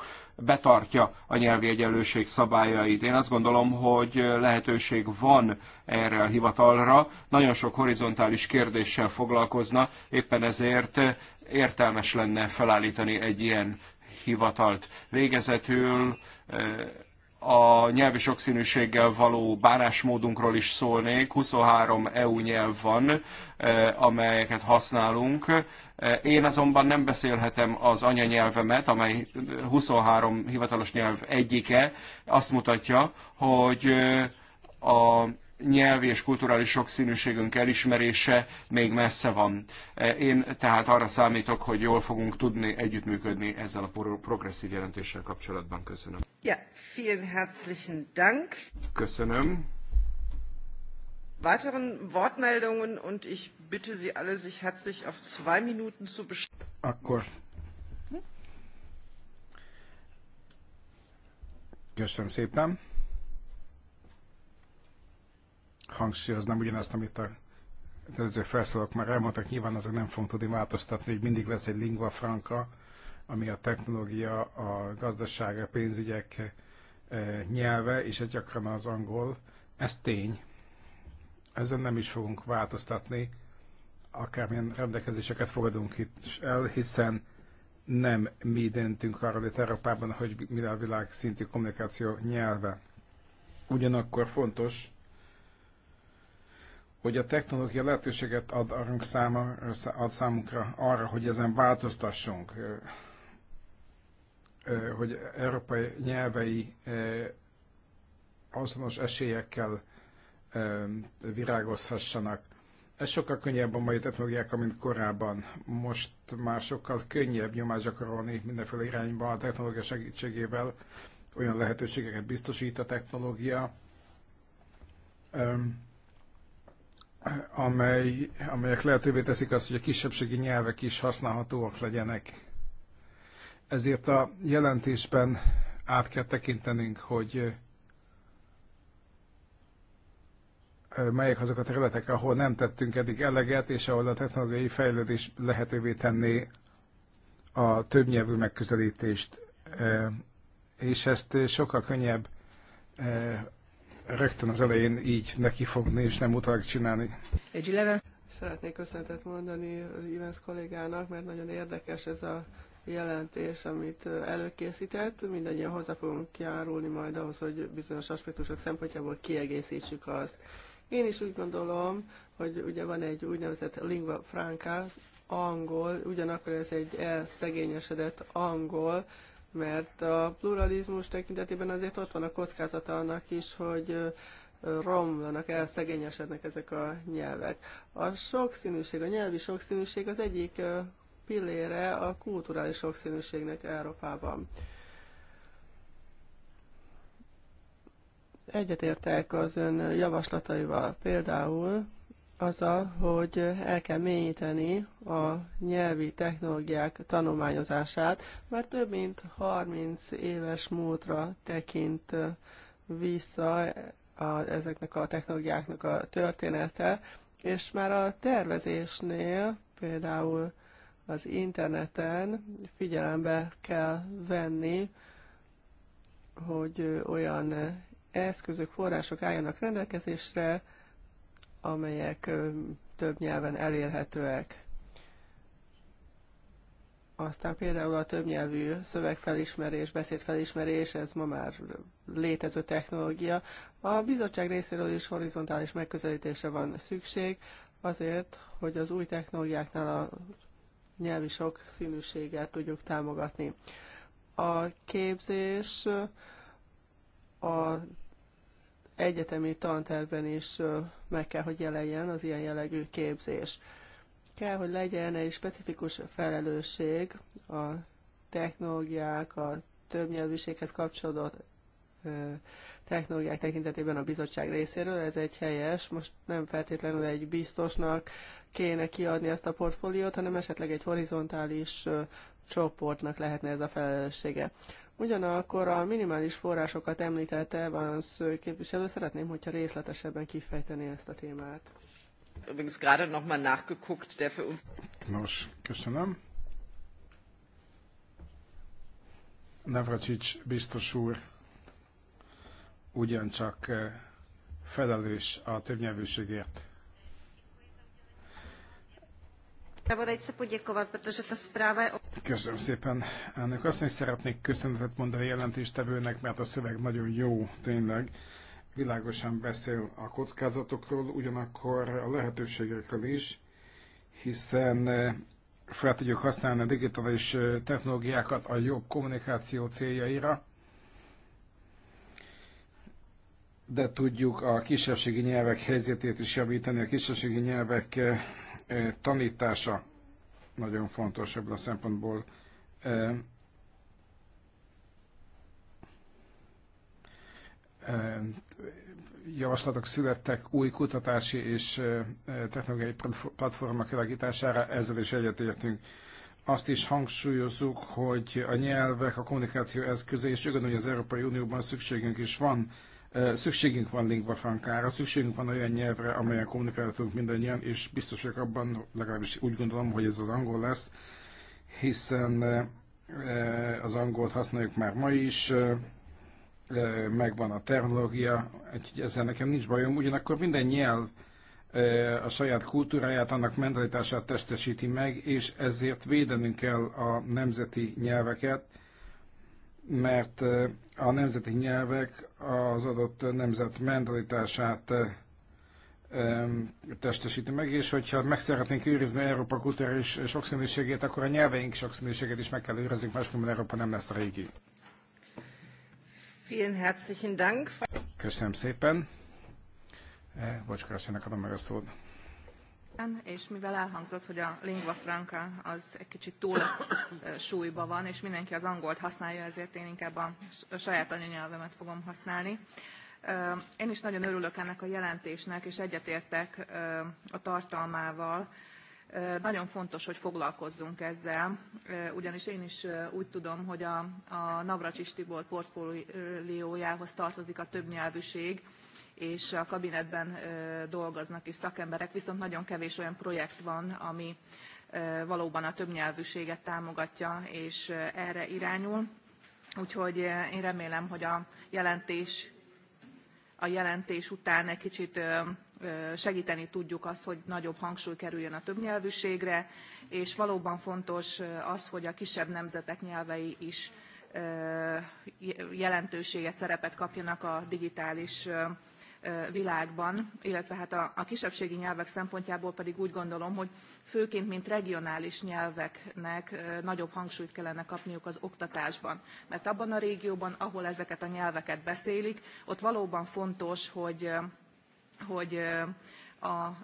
betartja a nyelvi egyenlőség szabályait. Én azt gondolom, hogy lehetőség van erre a hivatalra, nagyon sok horizontális kérdéssel foglalkozna, éppen ezért értelmes lenne felállítani egy ilyen hivatalt. Végezetül eh, a nyelvi sokszínűséggel való bánásmódunkról is szólnék. 23 EU nyelv van, eh, amelyeket használunk. Eh, én azonban nem beszélhetem az anyanyelvemet, amely 23 hivatalos nyelv egyike. Azt mutatja, hogy eh, a nyelvi és kulturális sokszínűségünk elismerése még messze van. Eh, én tehát arra számítok, hogy jól fogunk tudni együttműködni ezzel a progresszív jelentéssel kapcsolatban. Köszönöm. Ja, vielen herzlichen Dank. Köszönöm weiteren Wortmeldungen und ich bitte Sie alle, sich herzlich auf zwei Minuten zu beschränken. Akkor. Köszönöm szépen. Hangsúlyoznám ugyanazt, amit a előző felszólók már elmondtak, nyilván azok nem fogunk tudni változtatni, hogy mindig lesz egy lingua franca, ami a technológia, a gazdaság, a pénzügyek eh, nyelve, és egy gyakran az angol. Ez tény, ezen nem is fogunk változtatni, akármilyen rendelkezéseket fogadunk itt el, hiszen nem mi döntünk arról itt Európában, hogy mi a világ szintű kommunikáció nyelve. Ugyanakkor fontos, hogy a technológia lehetőséget ad, arunk száma, ad számunkra arra, hogy ezen változtassunk, hogy európai nyelvei azonos esélyekkel virágozhassanak. Ez sokkal könnyebb a mai technológiákkal, mint korábban. Most már sokkal könnyebb nyomást gyakorolni mindenféle irányba a technológia segítségével. Olyan lehetőségeket biztosít a technológia, amely, amelyek lehetővé teszik azt, hogy a kisebbségi nyelvek is használhatóak legyenek. Ezért a jelentésben át kell tekintenünk, hogy melyek azok a területek, ahol nem tettünk eddig eleget, és ahol a technológiai fejlődés lehetővé tenné a többnyelvű megközelítést. E, és ezt sokkal könnyebb e, rögtön az elején így nekifogni, és nem utalak csinálni. Szeretnék köszönetet mondani Ivens kollégának, mert nagyon érdekes ez a jelentés, amit előkészített. Mindannyian hozzá fogunk járulni majd ahhoz, hogy bizonyos aspektusok szempontjából kiegészítsük azt. Én is úgy gondolom, hogy ugye van egy úgynevezett lingua franca, angol, ugyanakkor ez egy elszegényesedett angol, mert a pluralizmus tekintetében azért ott van a kockázata annak is, hogy romlanak, elszegényesednek ezek a nyelvek. A sokszínűség, a nyelvi sokszínűség az egyik pillére a kulturális sokszínűségnek Európában. Egyetértek az ön javaslataival, például azzal, hogy el kell mélyíteni a nyelvi technológiák tanulmányozását, mert több mint 30 éves múltra tekint vissza a, ezeknek a technológiáknak a története, és már a tervezésnél, például az interneten figyelembe kell venni, hogy olyan eszközök, források álljanak rendelkezésre, amelyek több nyelven elérhetőek. Aztán például a többnyelvű szövegfelismerés, beszédfelismerés, ez ma már létező technológia. A bizottság részéről is horizontális megközelítésre van szükség, azért, hogy az új technológiáknál a nyelvi sok színűséget tudjuk támogatni. A képzés a egyetemi tanterben is meg kell, hogy jelenjen az ilyen jellegű képzés. Kell, hogy legyen egy specifikus felelősség a technológiák, a többnyelvűséghez kapcsolódó technológiák tekintetében a bizottság részéről. Ez egy helyes, most nem feltétlenül egy biztosnak kéne kiadni ezt a portfóliót, hanem esetleg egy horizontális csoportnak lehetne ez a felelőssége. Ugyanakkor a minimális forrásokat említette Evans képviselő, szeretném, hogyha részletesebben kifejteni ezt a témát. Übrigens gerade nochmal nachgeguckt, der für uns... Nos, köszönöm. Navracsics biztos úr ugyancsak eh, felelős a többnyelvűségért Köszönöm szépen. Ennek azt is szeretnék köszönetet mondani a jelentéstevőnek, mert a szöveg nagyon jó, tényleg. Világosan beszél a kockázatokról, ugyanakkor a lehetőségekről is, hiszen eh, fel tudjuk használni a digitális eh, technológiákat a jobb kommunikáció céljaira, de tudjuk a kisebbségi nyelvek helyzetét is javítani, a kisebbségi nyelvek eh, tanítása nagyon fontos ebből a szempontból. Javaslatok születtek új kutatási és technológiai platformok kialakítására, ezzel is egyetértünk. Azt is hangsúlyozzuk, hogy a nyelvek, a kommunikáció eszköze, és ugyanúgy az Európai Unióban szükségünk is van Szükségünk van lingva frankára, szükségünk van olyan nyelvre, amelyen kommunikálhatunk mindannyian, és biztosak abban, legalábbis úgy gondolom, hogy ez az angol lesz, hiszen az angolt használjuk már ma is, megvan a technológia. úgyhogy ezzel nekem nincs bajom. Ugyanakkor minden nyelv a saját kultúráját, annak mentalitását testesíti meg, és ezért védenünk kell a nemzeti nyelveket, mert a nemzeti nyelvek az adott nemzet mentalitását eh, testesíti meg, és hogyha meg szeretnénk őrizni Európa kulturális sokszínűségét, akkor a nyelveink sokszínűségét is meg kell őriznünk, máskülönben Európa nem lesz a régi. Vielen herzlichen Dank. Köszönöm szépen. Eh, Bocskor, adom meg a szót. És mivel elhangzott, hogy a lingua franca az egy kicsit túl súlyba van, és mindenki az angolt használja, ezért én inkább a saját anyanyelvemet fogom használni. Én is nagyon örülök ennek a jelentésnek, és egyetértek a tartalmával. Nagyon fontos, hogy foglalkozzunk ezzel, ugyanis én is úgy tudom, hogy a, a Navracsis Tibor portfóliójához tartozik a többnyelvűség, és a kabinetben dolgoznak is szakemberek, viszont nagyon kevés olyan projekt van, ami valóban a többnyelvűséget támogatja és erre irányul. Úgyhogy én remélem, hogy a jelentés, a jelentés után egy kicsit segíteni tudjuk azt, hogy nagyobb hangsúly kerüljön a többnyelvűségre, és valóban fontos az, hogy a kisebb nemzetek nyelvei is jelentőséget, szerepet kapjanak a digitális világban, illetve hát a, a kisebbségi nyelvek szempontjából pedig úgy gondolom, hogy főként, mint regionális nyelveknek nagyobb hangsúlyt kellene kapniuk az oktatásban. Mert abban a régióban, ahol ezeket a nyelveket beszélik, ott valóban fontos, hogy, hogy a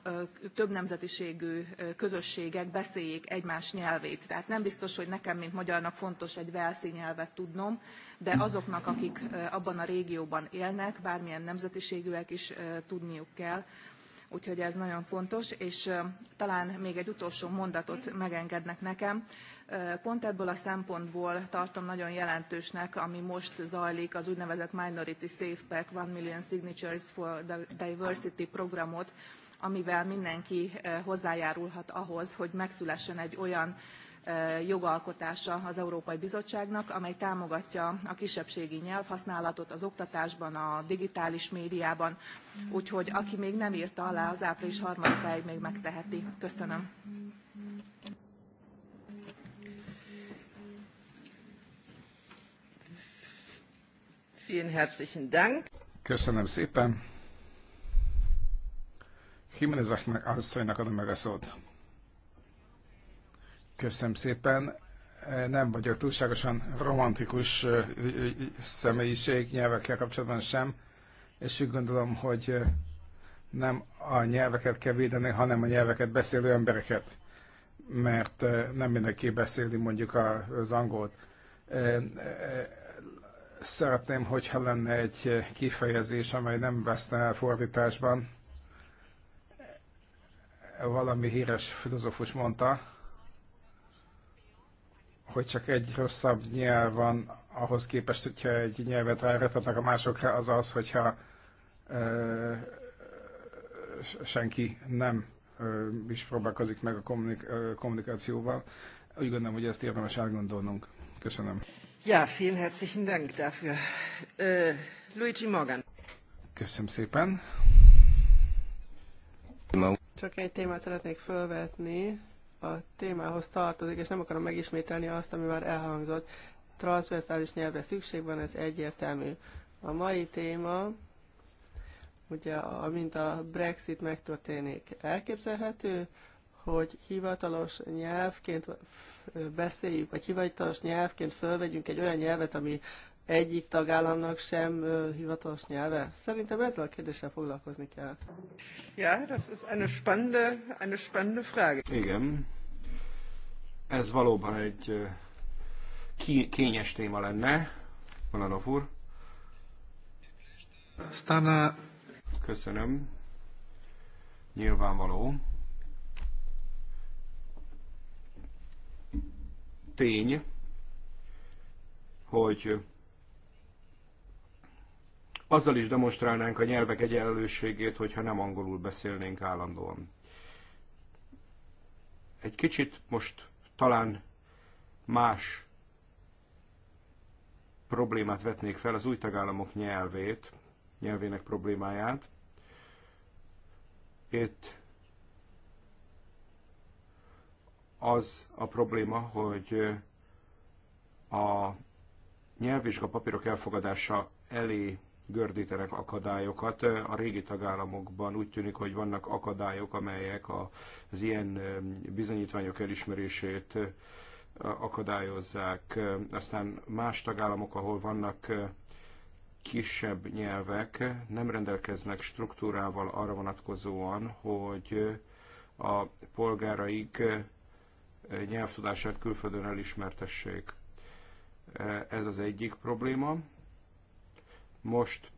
több nemzetiségű közösségek beszéljék egymás nyelvét. Tehát nem biztos, hogy nekem, mint magyarnak fontos egy velszi nyelvet tudnom, de azoknak, akik abban a régióban élnek, bármilyen nemzetiségűek is tudniuk kell, úgyhogy ez nagyon fontos, és talán még egy utolsó mondatot megengednek nekem. Pont ebből a szempontból tartom nagyon jelentősnek, ami most zajlik, az úgynevezett Minority Safe Pack One Million Signatures for Diversity programot, amivel mindenki hozzájárulhat ahhoz, hogy megszülessen egy olyan jogalkotása az Európai Bizottságnak, amely támogatja a kisebbségi nyelvhasználatot az oktatásban, a digitális médiában. Úgyhogy aki még nem írta alá, az április 3-áig még megteheti. Köszönöm. Vielen herzlichen Dank. Köszönöm szépen. Jiménez asszonynak adom meg a szót. Köszönöm szépen. Nem vagyok túlságosan romantikus személyiség nyelvekkel kapcsolatban sem, és úgy gondolom, hogy nem a nyelveket kell védeni, hanem a nyelveket beszélő embereket, mert nem mindenki beszéli mondjuk az angolt. Szeretném, hogyha lenne egy kifejezés, amely nem veszne el fordításban, valami híres filozófus mondta, hogy csak egy rosszabb nyelv van ahhoz képest, hogyha egy nyelvet ráretetnek a másokra, az az, hogyha ö, senki nem ö, is próbálkozik meg a kommunik- ö, kommunikációval. Úgy gondolom, hogy ezt érdemes elgondolnunk. Köszönöm. Ja, vielen herzlichen Dank dafür. Luigi Morgan. Köszönöm szépen. No. Csak egy témát szeretnék felvetni, a témához tartozik, és nem akarom megismételni azt, ami már elhangzott. Transversális nyelvre szükség van, ez egyértelmű. A mai téma, ugye, amint a Brexit megtörténik, elképzelhető, hogy hivatalos nyelvként beszéljük, vagy hivatalos nyelvként fölvegyünk egy olyan nyelvet, ami egyik tagállamnak sem hivatalos nyelve? Szerintem ezzel a kérdéssel foglalkozni kell. Ja, das ist eine spannende, eine spannende Frage. Igen. Ez valóban egy kényes téma lenne, Malanov úr. Aztán Köszönöm. Nyilvánvaló. Tény, hogy azzal is demonstrálnánk a nyelvek egyenlőségét, hogyha nem angolul beszélnénk állandóan. Egy kicsit most talán más problémát vetnék fel, az új tagállamok nyelvét, nyelvének problémáját. Itt az a probléma, hogy a nyelvvizsga papírok elfogadása elé gördítenek akadályokat. A régi tagállamokban úgy tűnik, hogy vannak akadályok, amelyek az ilyen bizonyítványok elismerését akadályozzák. Aztán más tagállamok, ahol vannak kisebb nyelvek, nem rendelkeznek struktúrával arra vonatkozóan, hogy a polgáraik nyelvtudását külföldön elismertessék. Ez az egyik probléma. Most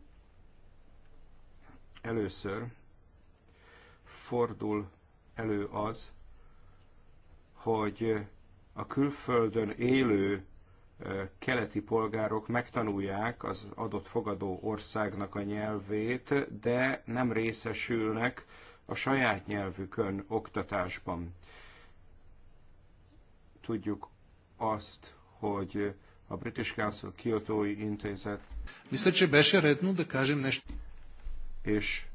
először fordul elő az, hogy a külföldön élő keleti polgárok megtanulják az adott fogadó országnak a nyelvét, de nem részesülnek a saját nyelvükön oktatásban. Tudjuk azt, hogy a British Council Kyoto-i Intézet. Мисля, че беше редно да кажем És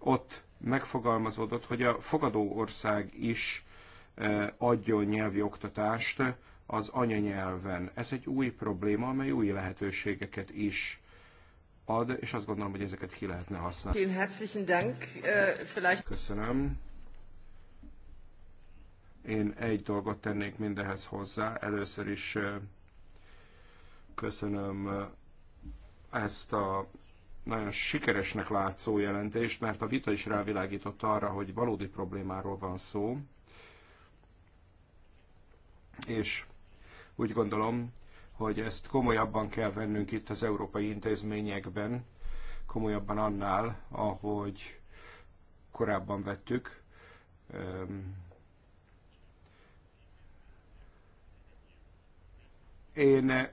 ott megfogalmazódott, hogy a fogadó ország is e, adjon nyelvi oktatást az anyanyelven. Ez egy új probléma, amely új lehetőségeket is ad, és azt gondolom, hogy ezeket ki lehetne használni. Äh, Köszönöm. Én egy dolgot tennék mindehez hozzá. Először is köszönöm ezt a nagyon sikeresnek látszó jelentést, mert a vita is rávilágított arra, hogy valódi problémáról van szó, és úgy gondolom, hogy ezt komolyabban kell vennünk itt az európai intézményekben, komolyabban annál, ahogy korábban vettük. Én eh,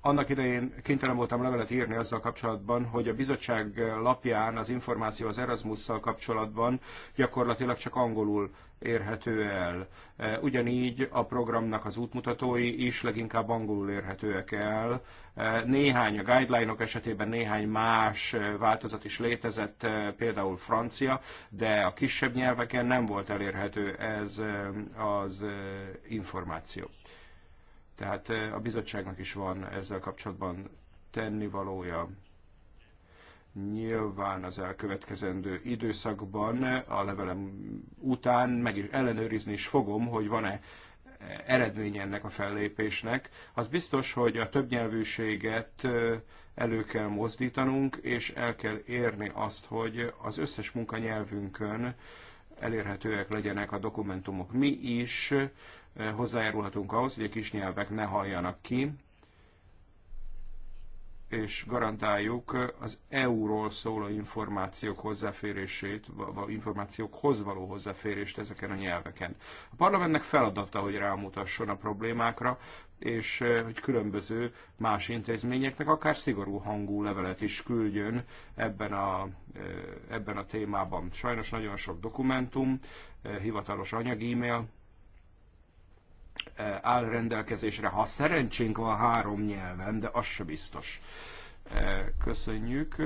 annak idején kénytelen voltam levelet írni azzal kapcsolatban, hogy a bizottság lapján az információ az Erasmusszal kapcsolatban gyakorlatilag csak angolul érhető el. Eh, ugyanígy a programnak az útmutatói is leginkább angolul érhetőek el. Eh, néhány, a guideline -ok esetében néhány más változat is létezett, például francia, de a kisebb nyelveken nem volt elérhető ez az információ. Tehát a bizottságnak is van ezzel kapcsolatban tennivalója. Nyilván az elkövetkezendő időszakban, a levelem után meg is ellenőrizni is fogom, hogy van-e eredmény ennek a fellépésnek. Az biztos, hogy a többnyelvűséget elő kell mozdítanunk, és el kell érni azt, hogy az összes munkanyelvünkön elérhetőek legyenek a dokumentumok. Mi is Eh, hozzájárulhatunk ahhoz, hogy a nyelvek ne halljanak ki, és garantáljuk az EU-ról szóló információk hozzáférését, vagy információkhoz való hozzáférést ezeken a nyelveken. A parlamentnek feladata, hogy rámutasson a problémákra, és eh, hogy különböző más intézményeknek akár szigorú hangú levelet is küldjön ebben a, eh, ebben a témában. Sajnos nagyon sok dokumentum, hivatalos anyag, e-mail áll rendelkezésre, ha szerencsénk van három nyelven, de az se biztos. Köszönjük,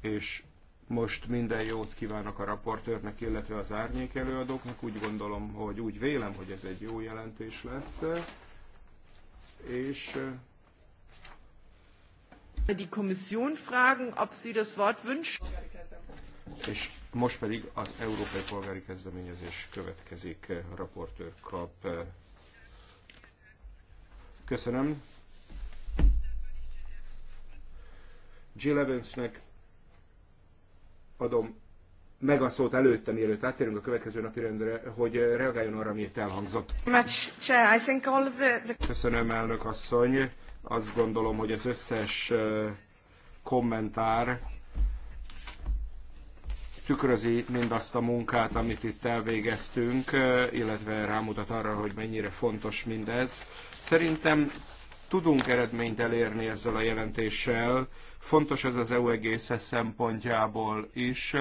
és most minden jót kívánok a raportőrnek, illetve az árnyék előadóknak. Úgy gondolom, hogy úgy vélem, hogy ez egy jó jelentés lesz. És die Kommission fragen, ob sie das Wort wünscht. És most pedig az Európai Polgári Kezdeményezés következik, raportőr kap. Eh, Köszönöm. Jill Evansnek adom meg a szót előtte, mielőtt átérünk a következő napi rendre, hogy reagáljon arra, amit elhangzott. Köszönöm, elnök asszony. Azt gondolom, hogy az összes eh, kommentár tükrözi mindazt a munkát, amit itt elvégeztünk, illetve rámutat arra, hogy mennyire fontos mindez. Szerintem tudunk eredményt elérni ezzel a jelentéssel. Fontos ez az EU egész szempontjából is,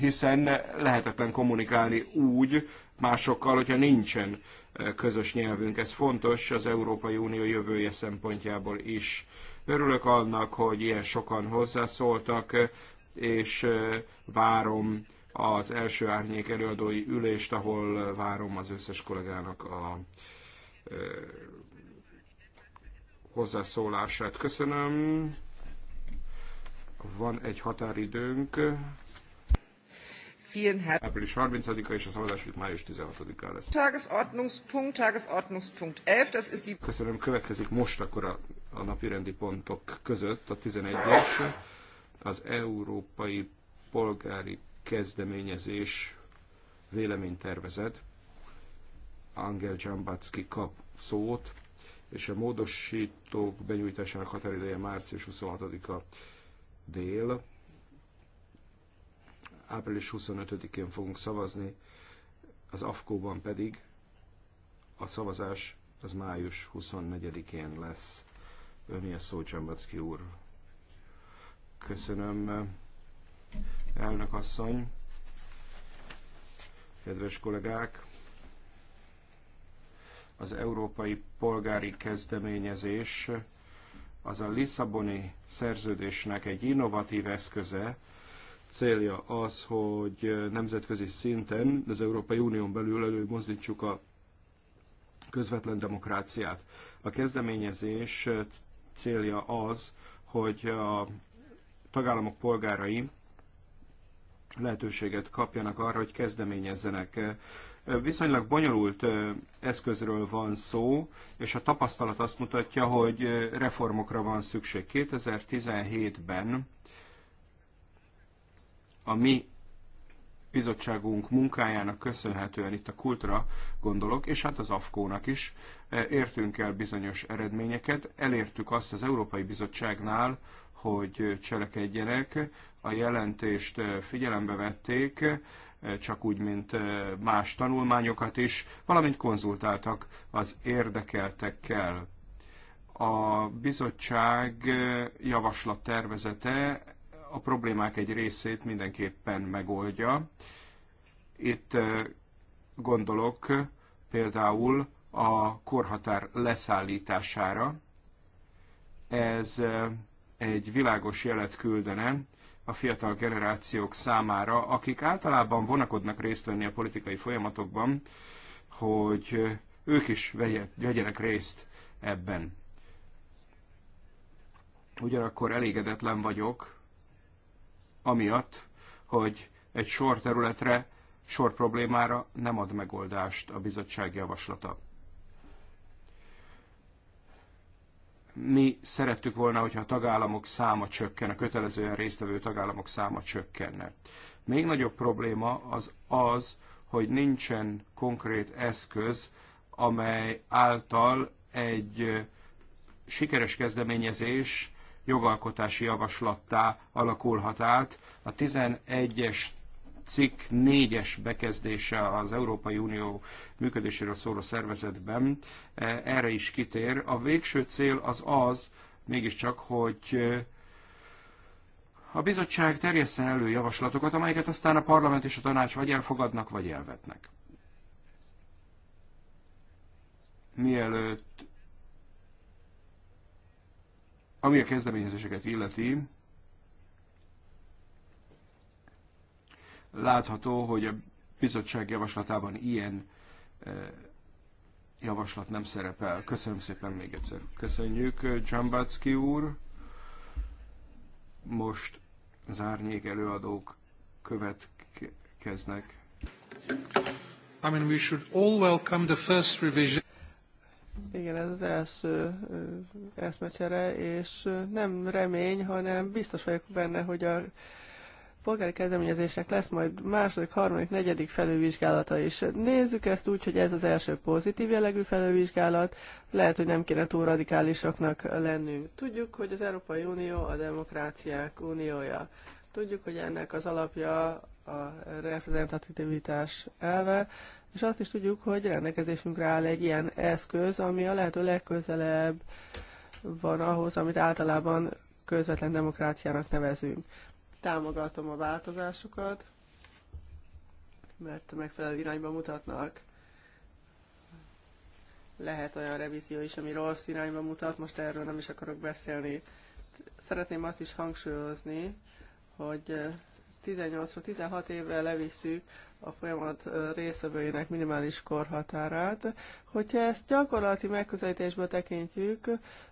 hiszen lehetetlen kommunikálni úgy másokkal, hogyha nincsen közös nyelvünk. Ez fontos az Európai Unió jövője szempontjából is. Örülök annak, hogy ilyen sokan hozzászóltak, és várom az első árnyék előadói ülést, ahol várom az összes kollégának a hozzászólását. Köszönöm. Van egy határidőnk. Április 30-a és a szavazás május 16-a lesz. Tagesordnungspunkt, Tagesordnungspunkt 11, das ist die... Köszönöm, következik most akkor a a napi rendi pontok között a 11-es, az Európai Polgári Kezdeményezés véleménytervezet. Angel Dzsambacki kap szót, és a módosítók benyújtásának határideje március 26-a dél. Április 25-én fogunk szavazni, az AFKO-ban pedig a szavazás az május 24-én lesz. Öni a szó, Csambacki úr. Köszönöm, elnök asszony, kedves kollégák. Az Európai Polgári Kezdeményezés az a Lisszaboni szerződésnek egy innovatív eszköze, célja az, hogy nemzetközi szinten, az Európai Unión belül előmozdítsuk a közvetlen demokráciát. A kezdeményezés célja az, hogy a tagállamok polgárai lehetőséget kapjanak arra, hogy kezdeményezzenek. Viszonylag bonyolult eszközről van szó, és a tapasztalat azt mutatja, hogy reformokra van szükség. 2017-ben a mi bizottságunk munkájának köszönhetően itt a kultra gondolok, és hát az AFKÓ-nak is e, értünk el bizonyos eredményeket. Elértük azt az Európai Bizottságnál, hogy cselekedjenek. A jelentést e, figyelembe vették, e, csak úgy, mint más tanulmányokat is, valamint konzultáltak az érdekeltekkel. A bizottság javaslattervezete a problémák egy részét mindenképpen megoldja. Itt gondolok például a korhatár leszállítására. Ez egy világos jelet küldene a fiatal generációk számára, akik általában vonakodnak részt venni a politikai folyamatokban, hogy ők is vegyenek részt ebben. Ugyanakkor elégedetlen vagyok amiatt, hogy egy sor területre, sor problémára nem ad megoldást a bizottság javaslata. Mi szerettük volna, hogyha a tagállamok száma csökken, a kötelezően résztvevő tagállamok száma csökkenne. Még nagyobb probléma az az, hogy nincsen konkrét eszköz, amely által egy sikeres kezdeményezés jogalkotási javaslattá alakulhat át. A 11-es cikk 4-es bekezdése az Európai Unió működéséről szóló szervezetben e, erre is kitér. A végső cél az az, mégiscsak, hogy e, a bizottság terjeszten elő javaslatokat, amelyeket aztán a parlament és a tanács vagy elfogadnak, vagy elvetnek. Mielőtt ami a kezdeményezéseket illeti, látható, hogy a bizottság javaslatában ilyen e, javaslat nem szerepel. Köszönöm szépen még egyszer. Köszönjük, Dzsambacki úr. Most zárnyék előadók következnek. I mean, we should all welcome the first revision. Igen, ez az első eszmecsere, és nem remény, hanem biztos vagyok benne, hogy a polgári kezdeményezésnek lesz majd második, harmadik, negyedik felővizsgálata is. Nézzük ezt úgy, hogy ez az első pozitív jellegű felővizsgálat. lehet, hogy nem kéne túl radikálisoknak lennünk. Tudjuk, hogy az Európai Unió a demokráciák uniója. Tudjuk, hogy ennek az alapja a reprezentativitás elve, és azt is tudjuk, hogy rendelkezésünkre áll egy ilyen eszköz, ami a lehető legközelebb van ahhoz, amit általában közvetlen demokráciának nevezünk. Támogatom a változásokat, mert megfelelő irányba mutatnak. Lehet olyan revízió is, ami rossz irányba mutat, most erről nem is akarok beszélni. Szeretném azt is hangsúlyozni, hogy 18 16 évre levisszük a folyamat részvevőinek minimális korhatárát. Hogyha ezt gyakorlati megközelítésből tekintjük,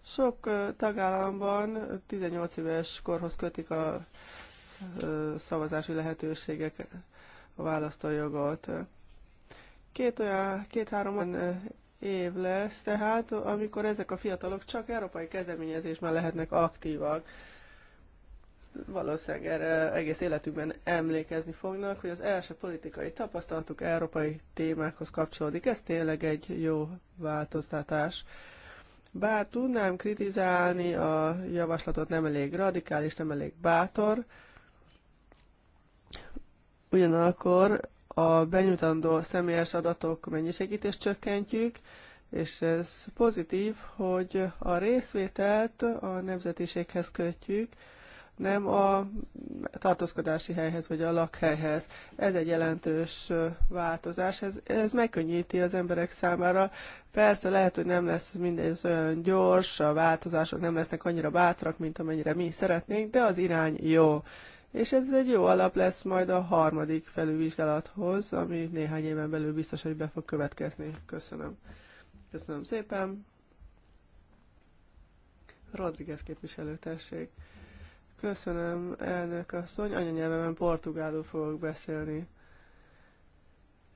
sok tagállamban 18 éves korhoz kötik a szavazási lehetőségek a választójogot. Két olyan, két-három olyan év lesz, tehát amikor ezek a fiatalok csak európai kezdeményezésben lehetnek aktívak valószínűleg erre egész életükben emlékezni fognak, hogy az első politikai tapasztalatuk európai témákhoz kapcsolódik. Ez tényleg egy jó változtatás. Bár tudnám kritizálni a javaslatot, nem elég radikális, nem elég bátor, ugyanakkor a benyújtandó személyes adatok mennyiségét is csökkentjük, és ez pozitív, hogy a részvételt a nemzetiséghez kötjük, nem a tartózkodási helyhez vagy a lakhelyhez. Ez egy jelentős változás, ez, ez megkönnyíti az emberek számára. Persze lehet, hogy nem lesz mindez olyan gyors, a változások nem lesznek annyira bátrak, mint amennyire mi szeretnénk, de az irány jó. És ez egy jó alap lesz majd a harmadik felülvizsgálathoz, ami néhány éven belül biztos, hogy be fog következni. Köszönöm. Köszönöm szépen. Rodriguez képviselő, tessék. Köszönöm, elnök asszony. Anyanyelvemen portugálul fogok beszélni.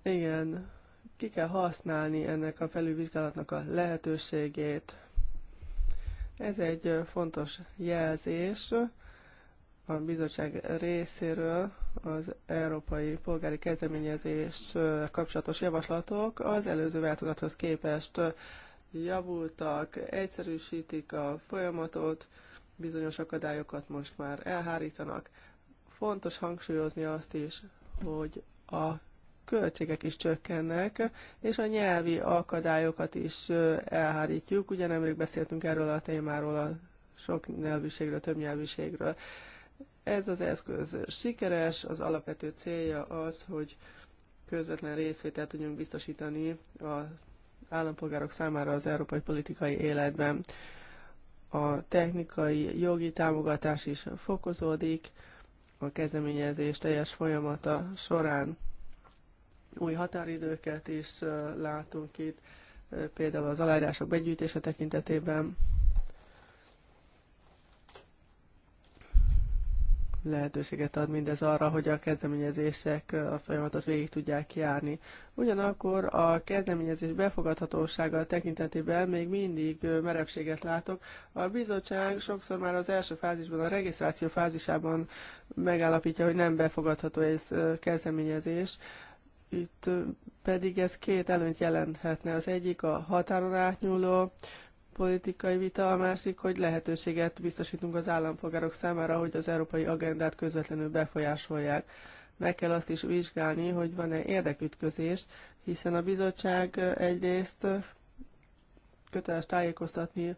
Igen, ki kell használni ennek a felülvizsgálatnak a lehetőségét. Ez egy fontos jelzés a bizottság részéről az európai polgári kezdeményezés kapcsolatos javaslatok az előző változathoz képest javultak, egyszerűsítik a folyamatot, bizonyos akadályokat most már elhárítanak. Fontos hangsúlyozni azt is, hogy a költségek is csökkennek, és a nyelvi akadályokat is elhárítjuk. Ugye nemrég beszéltünk erről a témáról, a sok nyelviségről több nyelviségről. Ez az eszköz sikeres, az alapvető célja az, hogy közvetlen részvételt tudjunk biztosítani a állampolgárok számára az európai politikai életben a technikai jogi támogatás is fokozódik a kezdeményezés teljes folyamata során. Új határidőket is látunk itt, például az aláírások begyűjtése tekintetében. lehetőséget ad mindez arra, hogy a kezdeményezések a folyamatot végig tudják járni. Ugyanakkor a kezdeményezés befogadhatósága tekintetében még mindig merevséget látok. A bizottság sokszor már az első fázisban, a regisztráció fázisában megállapítja, hogy nem befogadható ez kezdeményezés. Itt pedig ez két előnyt jelenthetne. Az egyik a határon átnyúló politikai vita, a másik, hogy lehetőséget biztosítunk az állampolgárok számára, hogy az európai agendát közvetlenül befolyásolják. Meg kell azt is vizsgálni, hogy van-e érdekütközés, hiszen a bizottság egyrészt köteles tájékoztatni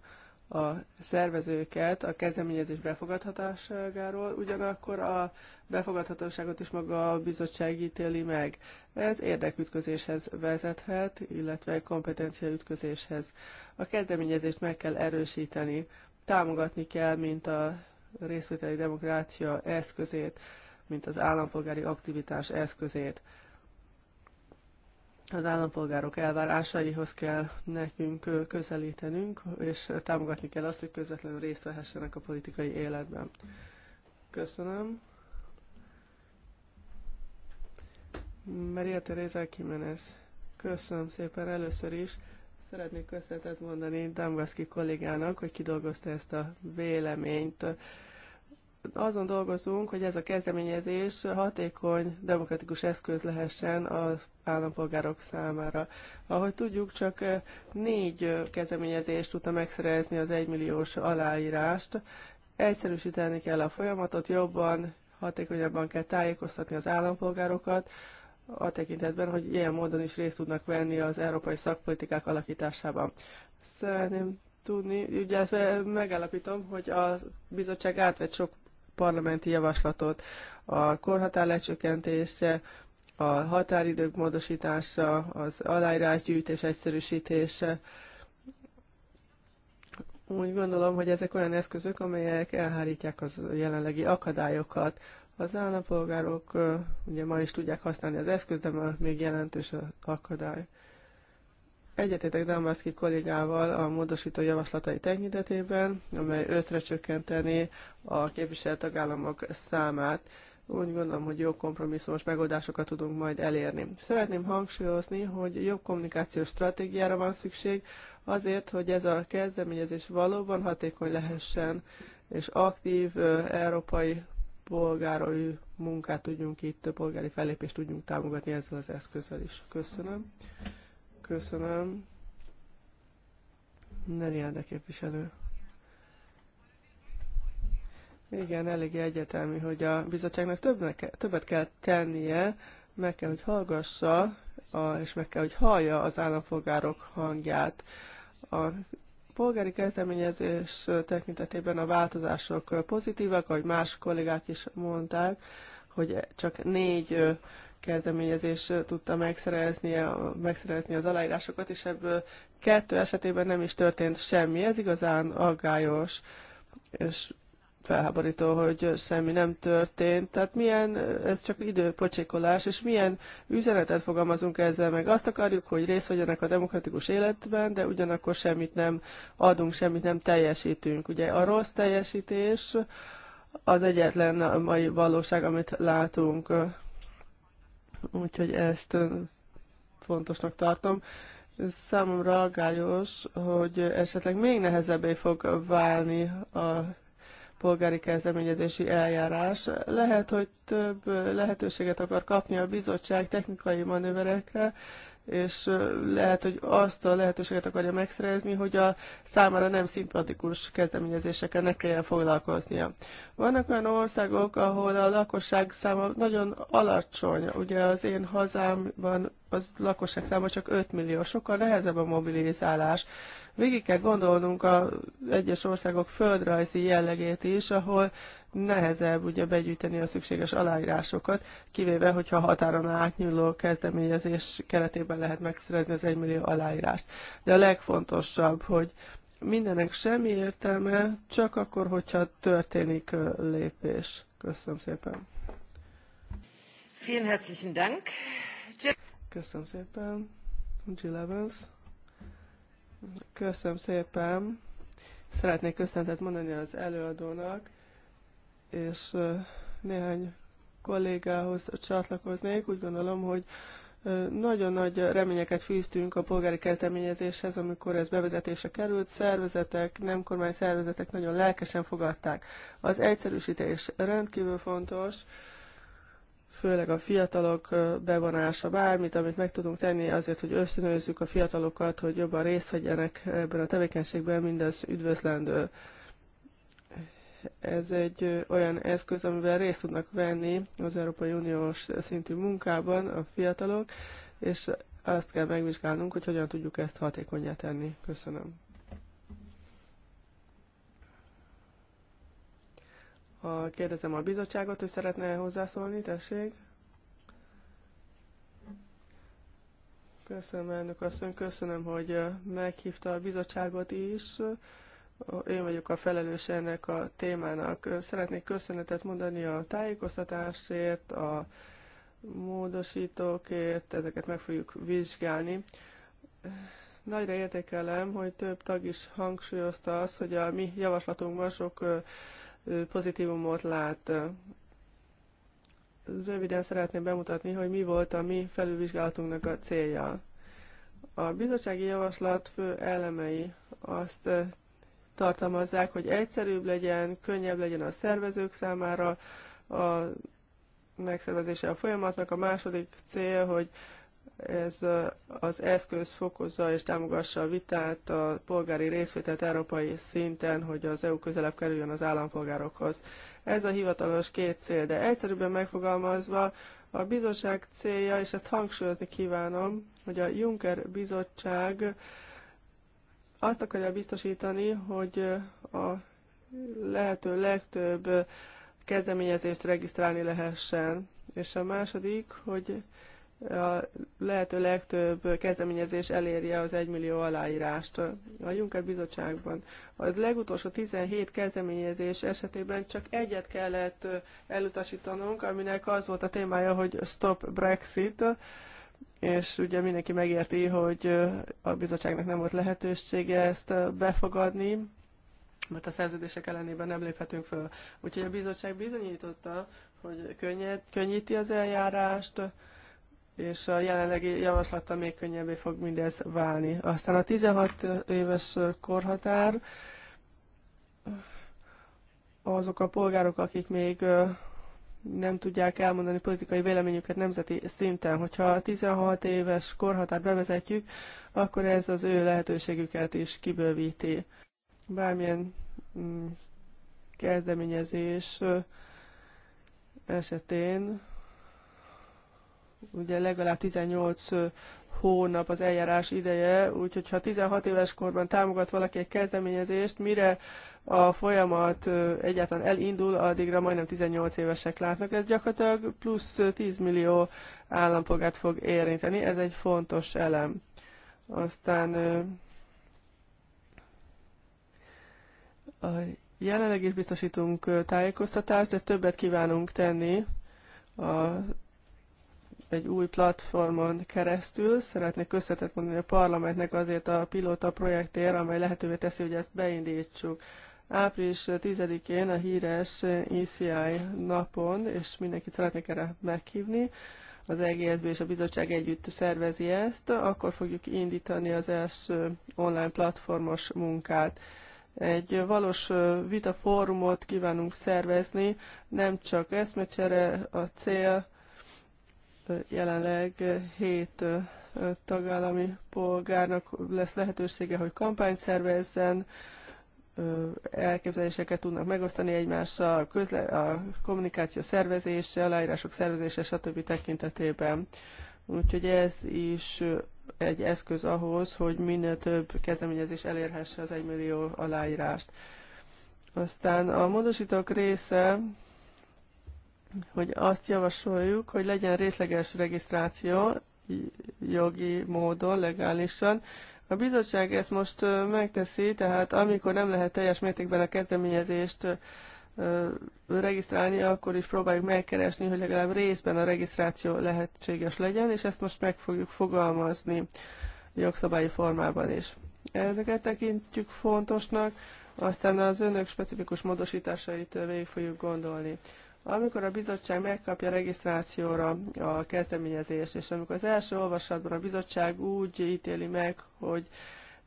a szervezőket a kezdeményezés befogadhatásáról ugyanakkor a befogadhatóságot is maga a bizottság ítéli meg. Ez érdekütközéshez vezethet, illetve kompetenciaütközéshez. A kezdeményezést meg kell erősíteni, támogatni kell, mint a részvételi demokrácia eszközét, mint az állampolgári aktivitás eszközét az állampolgárok elvárásaihoz kell nekünk közelítenünk, és támogatni kell azt, hogy közvetlenül részt vehessenek a politikai életben. Köszönöm. Maria Teresa Kimenez. Köszönöm szépen először is. Szeretnék köszönetet mondani Damgaszki kollégának, hogy kidolgozta ezt a véleményt azon dolgozunk, hogy ez a kezdeményezés hatékony, demokratikus eszköz lehessen az állampolgárok számára. Ahogy tudjuk, csak eh, négy eh, kezdeményezést tudta megszerezni az egymilliós aláírást. Egyszerűsíteni kell a folyamatot, jobban, hatékonyabban kell tájékoztatni az állampolgárokat, a tekintetben, hogy ilyen módon is részt tudnak venni az európai szakpolitikák alakításában. Szeretném tudni, ugye megállapítom, hogy a bizottság átvett sok parlamenti javaslatot. A korhatár lecsökkentése, a határidők módosítása, az aláírásgyűjtés egyszerűsítése. Úgy gondolom, hogy ezek olyan eszközök, amelyek elhárítják az jelenlegi akadályokat. Az állampolgárok ugye ma is tudják használni az eszközt, de még jelentős az akadály. Egyetétek Dambaszki kollégával a módosító javaslatai tekintetében, amely ötre csökkenteni a képviselt tagállamok számát. Úgy gondolom, hogy jó kompromisszumos megoldásokat tudunk majd elérni. Szeretném hangsúlyozni, hogy jobb kommunikációs stratégiára van szükség azért, hogy ez a kezdeményezés valóban hatékony lehessen, és aktív európai polgárói munkát tudjunk itt, polgári fellépést tudjunk támogatni ezzel az eszközzel is. Köszönöm. Köszönöm. Neriáde képviselő. Igen, eléggé egyetemű, hogy a bizottságnak többnek, többet kell tennie, meg kell, hogy hallgassa, a, és meg kell, hogy hallja az állampolgárok hangját. A polgári kezdeményezés tekintetében a változások pozitívak, ahogy más kollégák is mondták, hogy csak négy kezdeményezés tudta megszerezni, megszerezni az aláírásokat, és ebből kettő esetében nem is történt semmi. Ez igazán aggályos és felháborító, hogy semmi nem történt. Tehát milyen, ez csak időpocsékolás, és milyen üzenetet fogalmazunk ezzel meg. Azt akarjuk, hogy részt vegyenek a demokratikus életben, de ugyanakkor semmit nem adunk, semmit nem teljesítünk. Ugye a rossz teljesítés az egyetlen mai valóság, amit látunk úgyhogy ezt fontosnak tartom. Számomra aggályos, hogy esetleg még nehezebbé fog válni a polgári kezdeményezési eljárás. Lehet, hogy több lehetőséget akar kapni a bizottság technikai manőverekre, és lehet, hogy azt a lehetőséget akarja megszerezni, hogy a számára nem szimpatikus kezdeményezésekkel ne kelljen foglalkoznia. Vannak olyan országok, ahol a lakosság száma nagyon alacsony. Ugye az én hazámban az lakosság száma csak 5 millió, sokkal nehezebb a mobilizálás. Végig kell gondolnunk az egyes országok földrajzi jellegét is, ahol nehezebb ugye begyűjteni a szükséges aláírásokat, kivéve, hogyha határon átnyúló kezdeményezés keretében lehet megszerezni az egymillió aláírást. De a legfontosabb, hogy mindenek semmi értelme, csak akkor, hogyha történik lépés. Köszönöm szépen. Vielen herzlichen Dank. Köszönöm szépen. Jill Evans. Köszönöm szépen. Szeretnék köszöntet mondani az előadónak és néhány kollégához csatlakoznék. Úgy gondolom, hogy nagyon nagy reményeket fűztünk a polgári kezdeményezéshez, amikor ez bevezetése került. Szervezetek, nem kormány szervezetek nagyon lelkesen fogadták. Az egyszerűsítés rendkívül fontos, főleg a fiatalok bevonása, bármit, amit meg tudunk tenni azért, hogy ösztönözzük a fiatalokat, hogy jobban részt vegyenek ebben a tevékenységben, mindez üdvözlendő ez egy olyan eszköz, amivel részt tudnak venni az Európai Uniós szintű munkában a fiatalok, és azt kell megvizsgálnunk, hogy hogyan tudjuk ezt hatékonyá tenni. Köszönöm. A, kérdezem a bizottságot, ő szeretne hozzászólni, tessék. Köszönöm, elnök asszony, köszönöm, hogy meghívta a bizottságot is én vagyok a felelős ennek a témának. Szeretnék köszönetet mondani a tájékoztatásért, a módosítókért, ezeket meg fogjuk vizsgálni. Nagyra értékelem, hogy több tag is hangsúlyozta azt, hogy a mi javaslatunkban sok pozitívumot lát. Röviden szeretném bemutatni, hogy mi volt a mi felülvizsgálatunknak a célja. A bizottsági javaslat fő elemei azt tartalmazzák, hogy egyszerűbb legyen, könnyebb legyen a szervezők számára a megszervezése a folyamatnak. A második cél, hogy ez az eszköz fokozza és támogassa a vitát, a polgári részvételt európai szinten, hogy az EU közelebb kerüljön az állampolgárokhoz. Ez a hivatalos két cél, de egyszerűbben megfogalmazva a bizottság célja, és ezt hangsúlyozni kívánom, hogy a Juncker bizottság azt akarja biztosítani, hogy a lehető legtöbb kezdeményezést regisztrálni lehessen. És a második, hogy a lehető legtöbb kezdeményezés elérje az 1 millió aláírást a Juncker Bizottságban. Az legutolsó 17 kezdeményezés esetében csak egyet kellett elutasítanunk, aminek az volt a témája, hogy Stop Brexit, és ugye mindenki megérti, hogy a bizottságnak nem volt lehetősége ezt befogadni, mert a szerződések ellenében nem léphetünk föl. Úgyhogy a bizottság bizonyította, hogy könnyed, könnyíti az eljárást, és a jelenlegi javaslata még könnyebbé fog mindez válni. Aztán a 16 éves korhatár, azok a polgárok, akik még nem tudják elmondani politikai véleményüket nemzeti szinten. Hogyha 16 éves korhatárt bevezetjük, akkor ez az ő lehetőségüket is kibővíti. Bármilyen mm, kezdeményezés esetén ugye legalább 18 hónap az eljárás ideje, úgyhogy ha 16 éves korban támogat valaki egy kezdeményezést, mire a folyamat egyáltalán elindul, addigra majdnem 18 évesek látnak. Ez gyakorlatilag plusz 10 millió állampolgárt fog érinteni, ez egy fontos elem. Aztán jelenleg is biztosítunk tájékoztatást, de többet kívánunk tenni a, egy új platformon keresztül. Szeretnék köszönetet mondani a parlamentnek azért a pilóta projektért, amely lehetővé teszi, hogy ezt beindítsuk április 10-én a híres ECI napon, és mindenkit szeretnék erre meghívni, az EGSB és a bizottság együtt szervezi ezt, akkor fogjuk indítani az első online platformos munkát. Egy valós vita fórumot kívánunk szervezni, nem csak eszmecsere a cél, jelenleg hét tagállami polgárnak lesz lehetősége, hogy kampányt szervezzen, elképzeléseket tudnak megosztani egymással, közle, a kommunikáció szervezése, aláírások szervezése, stb. tekintetében. Úgyhogy ez is egy eszköz ahhoz, hogy minél több kezdeményezés elérhesse az egymillió millió aláírást. Aztán a módosítók része, hogy azt javasoljuk, hogy legyen részleges regisztráció jogi módon, legálisan, a bizottság ezt most megteszi, tehát amikor nem lehet teljes mértékben a kezdeményezést regisztrálni, akkor is próbáljuk megkeresni, hogy legalább részben a regisztráció lehetséges legyen, és ezt most meg fogjuk fogalmazni jogszabályi formában is. Ezeket tekintjük fontosnak, aztán az önök specifikus módosításait végig fogjuk gondolni. Amikor a bizottság megkapja regisztrációra a kezdeményezést, és amikor az első olvasatban a bizottság úgy ítéli meg, hogy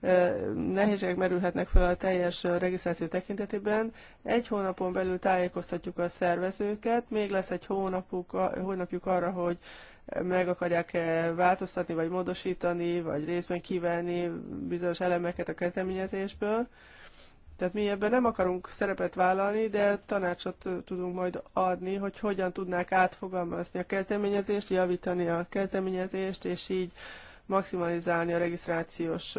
e, nehézségek merülhetnek fel a teljes regisztráció tekintetében. Egy hónapon belül tájékoztatjuk a szervezőket, még lesz egy hónapuk, hónapjuk arra, hogy meg akarják -e változtatni, vagy módosítani, vagy részben kivenni bizonyos elemeket a kezdeményezésből tehát mi ebben nem akarunk szerepet vállalni, de tanácsot tudunk majd adni, hogy hogyan tudnák átfogalmazni a kezdeményezést, javítani a kezdeményezést, és így maximalizálni a regisztrációs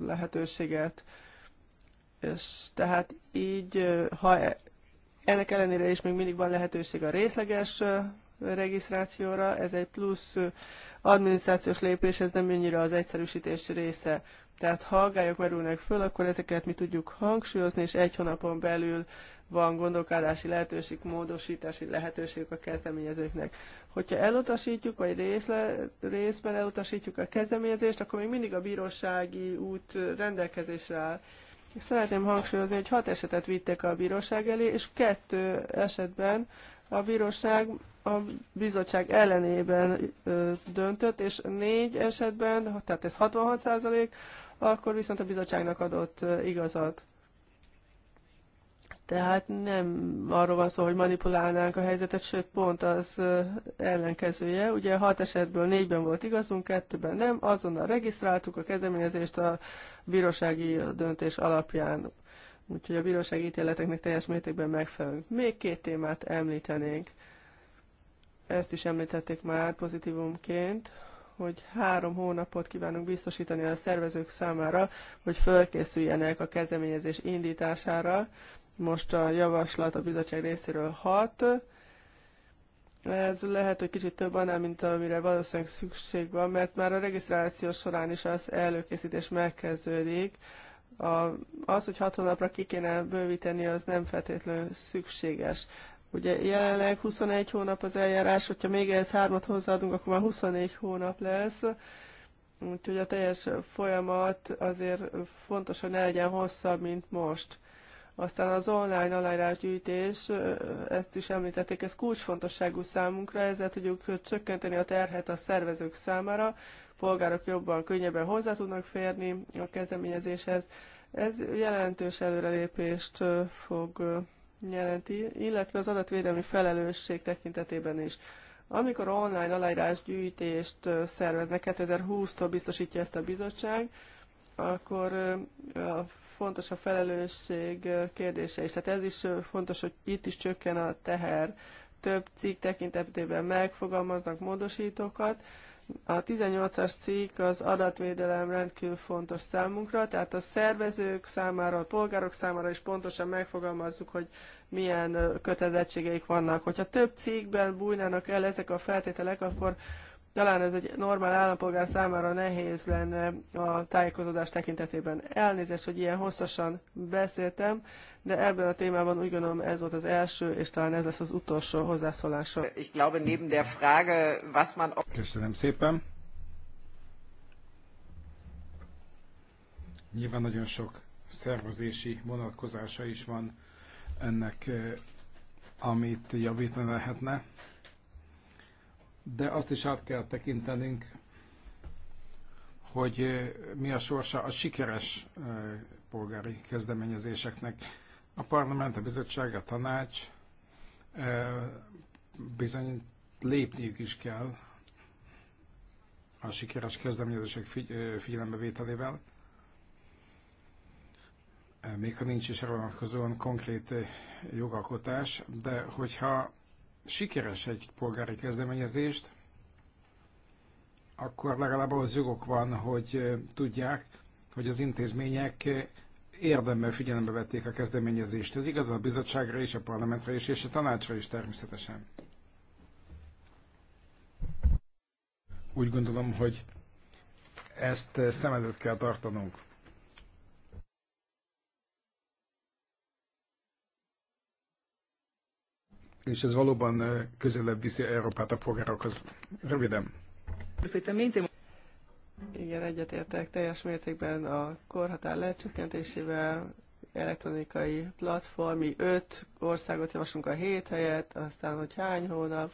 lehetőséget. És tehát így, ha e, ennek ellenére is még mindig van lehetőség a részleges regisztrációra, ez egy plusz adminisztrációs lépés, ez nem annyira az egyszerűsítés része. Tehát ha aggályok merülnek föl, akkor ezeket mi tudjuk hangsúlyozni, és egy hónapon belül van gondolkodási lehetőség, módosítási lehetőség a kezdeményezőknek. Hogyha elutasítjuk, vagy részle, részben elutasítjuk a kezdeményezést, akkor még mindig a bírósági út rendelkezésre áll. Szeretném hangsúlyozni, hogy hat esetet vittek a bíróság elé, és kettő esetben a bíróság a bizottság ellenében döntött, és négy esetben, tehát ez 66 százalék, akkor viszont a bizottságnak adott igazat. Tehát nem arról van szó, hogy manipulálnánk a helyzetet, sőt pont az ellenkezője. Ugye hat esetből négyben volt igazunk, kettőben nem, azonnal regisztráltuk a kezdeményezést a bírósági döntés alapján. Úgyhogy a bírósági ítéleteknek teljes mértékben megfelelünk. Még két témát említenénk. Ezt is említették már pozitívumként hogy három hónapot kívánunk biztosítani a szervezők számára, hogy fölkészüljenek a kezdeményezés indítására. Most a javaslat a bizottság részéről hat. Ez lehet, hogy kicsit több annál, mint amire valószínűleg szükség van, mert már a regisztráció során is az előkészítés megkezdődik. A, az, hogy hat hónapra ki kéne bővíteni, az nem feltétlenül szükséges. Ugye jelenleg 21 hónap az eljárás, hogyha még ehhez hármat hozzáadunk, akkor már 24 hónap lesz. Úgyhogy a teljes folyamat azért fontos, hogy ne legyen hosszabb, mint most. Aztán az online aláírásgyűjtés, ezt is említették, ez kulcsfontosságú számunkra, ezzel tudjuk csökkenteni a terhet a szervezők számára, polgárok jobban, könnyebben hozzá tudnak férni a kezdeményezéshez. Ez jelentős előrelépést fog jelenti, illetve az adatvédelmi felelősség tekintetében is. Amikor online aláírásgyűjtést gyűjtést szerveznek, 2020-tól biztosítja ezt a bizottság, akkor a fontos a felelősség kérdése is. Tehát ez is fontos, hogy itt is csökken a teher. Több cikk tekintetében megfogalmaznak módosítókat, a 18-as cikk az adatvédelem rendkívül fontos számunkra, tehát a szervezők számára, a polgárok számára is pontosan megfogalmazzuk, hogy milyen kötelezettségeik vannak. Hogyha több cikkben bújnának el ezek a feltételek, akkor talán ez egy normál állampolgár számára nehéz lenne a tájékozódás tekintetében. Elnézést, hogy ilyen hosszasan beszéltem, de ebben a témában úgy gondolom ez volt az első, és talán ez lesz az utolsó hozzászólása. Köszönöm szépen. Nyilván nagyon sok szervezési vonatkozása is van ennek, eh, amit javítani lehetne de azt is át kell tekintenünk, hogy eh, mi a sorsa a sikeres eh, polgári kezdeményezéseknek. A parlament, a bizottság, a tanács eh, bizony lépniük is kell a sikeres kezdeményezések figy figyelembevételével, még ha nincs is erre vonatkozóan konkrét jogalkotás, de hogyha sikeres egy polgári kezdeményezést, akkor legalább ahhoz jogok van, hogy tudják, hogy az intézmények érdemben figyelembe vették a kezdeményezést. Ez igaz a bizottságra is, a parlamentre is, és a tanácsra is természetesen. Úgy gondolom, hogy ezt szem előtt kell tartanunk. és ez valóban közelebb viszi Európát a polgárokhoz. Röviden. Igen, egyetértek teljes mértékben a korhatár lecsökkentésével, elektronikai platformi, öt országot javaslunk a hét helyet, aztán hogy hány hónap,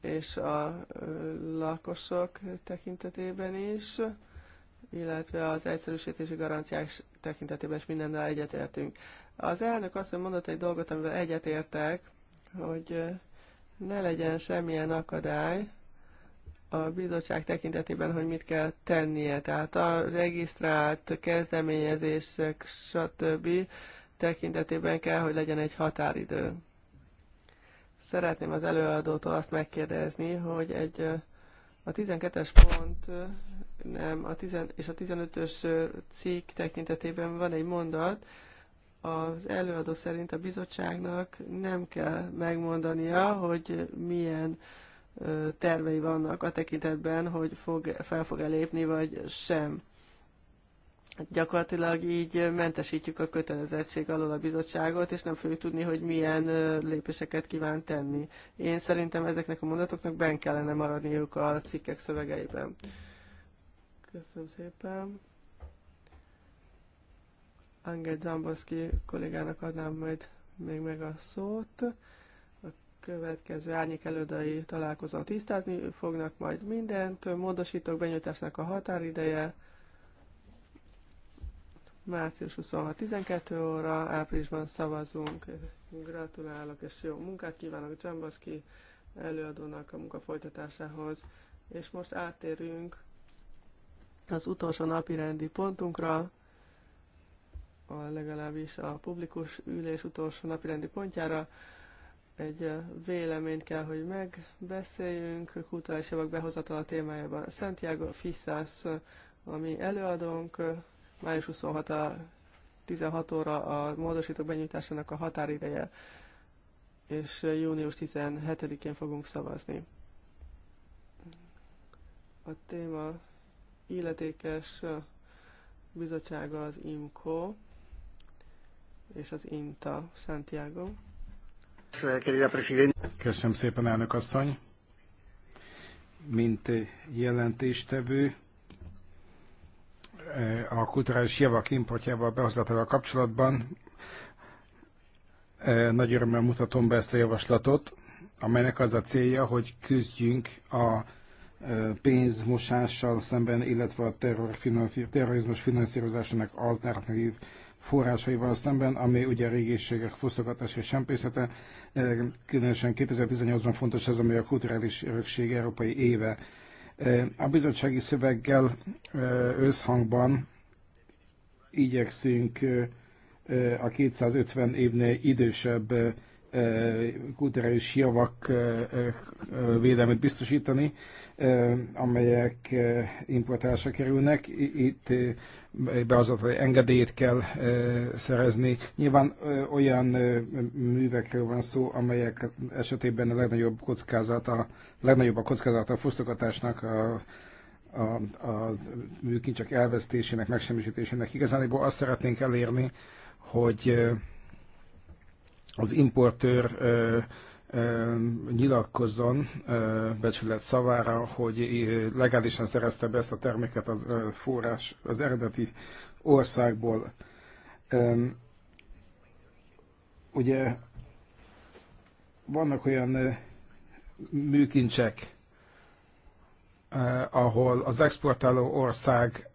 és a lakosok tekintetében is, illetve az egyszerűsítési garanciák tekintetében is mindennel egyetértünk. Az elnök azt mondott egy dolgot, amivel egyetértek, hogy ne legyen semmilyen akadály a bizottság tekintetében, hogy mit kell tennie. Tehát a regisztrált kezdeményezések, stb. tekintetében kell, hogy legyen egy határidő. Szeretném az előadótól azt megkérdezni, hogy egy a 12-es pont nem, a 10, és a 15-ös cikk tekintetében van egy mondat, az előadó szerint a bizottságnak nem kell megmondania, hogy milyen tervei vannak a tekintetben, hogy fog, fel fog-e lépni, vagy sem. Gyakorlatilag így mentesítjük a kötelezettség alól a bizottságot, és nem fogjuk tudni, hogy milyen lépéseket kíván tenni. Én szerintem ezeknek a mondatoknak benne kellene maradniuk a cikkek szövegeiben. Köszönöm szépen. Angel Zamboszki kollégának adnám majd még meg a szót. A következő árnyék elődai találkozón tisztázni fognak majd mindent. Módosítók benyújtásnak a határideje március 26 12 óra, áprilisban szavazunk. Gratulálok és jó munkát kívánok Zsambaszki előadónak a munka folytatásához. És most áttérünk az utolsó napi rendi pontunkra, a legalábbis a publikus ülés utolsó napirendi pontjára. Egy véleményt kell, hogy megbeszéljünk kulturális javak behozatala témájában. Santiago Fisas, ami előadónk, május 26 a 16 óra a módosítók benyújtásának a határideje, és június 17-én fogunk szavazni. A téma illetékes bizottsága az IMCO, és az INTA Santiago. Köszönöm szépen, elnök asszony. Mint jelentéstevő, eh, a kulturális javak importjával, behozatával kapcsolatban eh, nagy örömmel mutatom be ezt a javaslatot, amelynek az a célja, hogy küzdjünk a eh, pénzmosással szemben, illetve a terrorizmus finanszírozásának alternatív forrásaival szemben, ami ugye a régészségek fosztogatása és sempészete. Különösen 2018-ban fontos ez, ami a kulturális örökség európai éve. A bizottsági szöveggel összhangban igyekszünk a 250 évnél idősebb kulturális javak védelmet biztosítani, amelyek importálásra kerülnek. Itt beazatai engedélyt kell szerezni. Nyilván olyan művekről van szó, amelyek esetében a legnagyobb kockázat, a legnagyobb a kockázat a fosztogatásnak, a, a, a műkincsek elvesztésének, megsemmisítésének. Igazán azt szeretnénk elérni, hogy az importőr nyilatkozzon becsület szavára, hogy legálisan szerezte be ezt a terméket az forrás, az eredeti országból. Ugye vannak olyan műkincsek, ahol az exportáló ország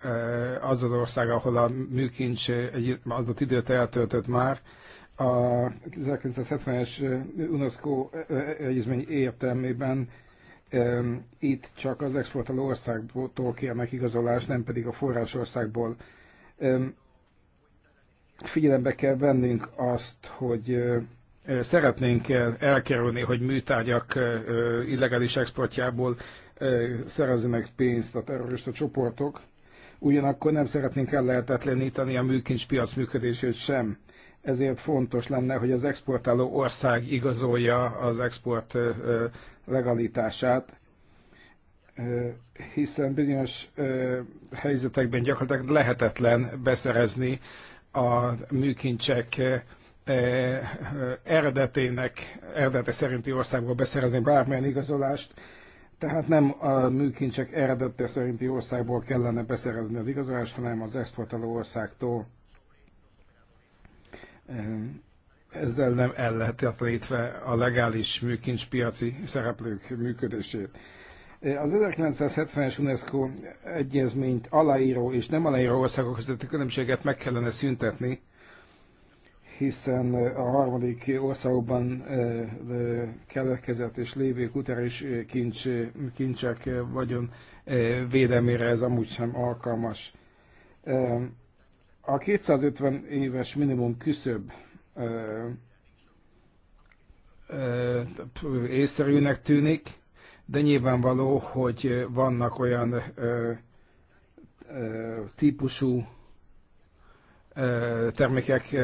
az az ország, ahol a műkincs egy időt eltöltött már, a 1970-es UNESCO egyezmény értelmében itt csak az exportáló országtól kérnek igazolást, nem pedig a forrásországból. Figyelembe kell vennünk azt, hogy szeretnénk elkerülni, hogy műtárgyak illegális exportjából szerezzenek pénzt a terrorista csoportok, ugyanakkor nem szeretnénk lehetetleníteni a műkincspiac működését sem ezért fontos lenne, hogy az exportáló ország igazolja az export legalitását, hiszen bizonyos helyzetekben gyakorlatilag lehetetlen beszerezni a műkincsek eredetének, eredete szerinti országból beszerezni bármilyen igazolást, tehát nem a műkincsek eredete szerinti országból kellene beszerezni az igazolást, hanem az exportáló országtól ezzel nem létve a legális műkincspiaci szereplők működését. Az 1970-es UNESCO egyezményt aláíró és nem aláíró országok közötti különbséget meg kellene szüntetni, hiszen a harmadik országokban keletkezett és lévő kutáris kincs, kincsek vagyon védelmére ez amúgy sem alkalmas. A 250 éves minimum küszöb ö, ö, észszerűnek tűnik, de nyilvánvaló, hogy vannak olyan ö, ö, típusú termékek,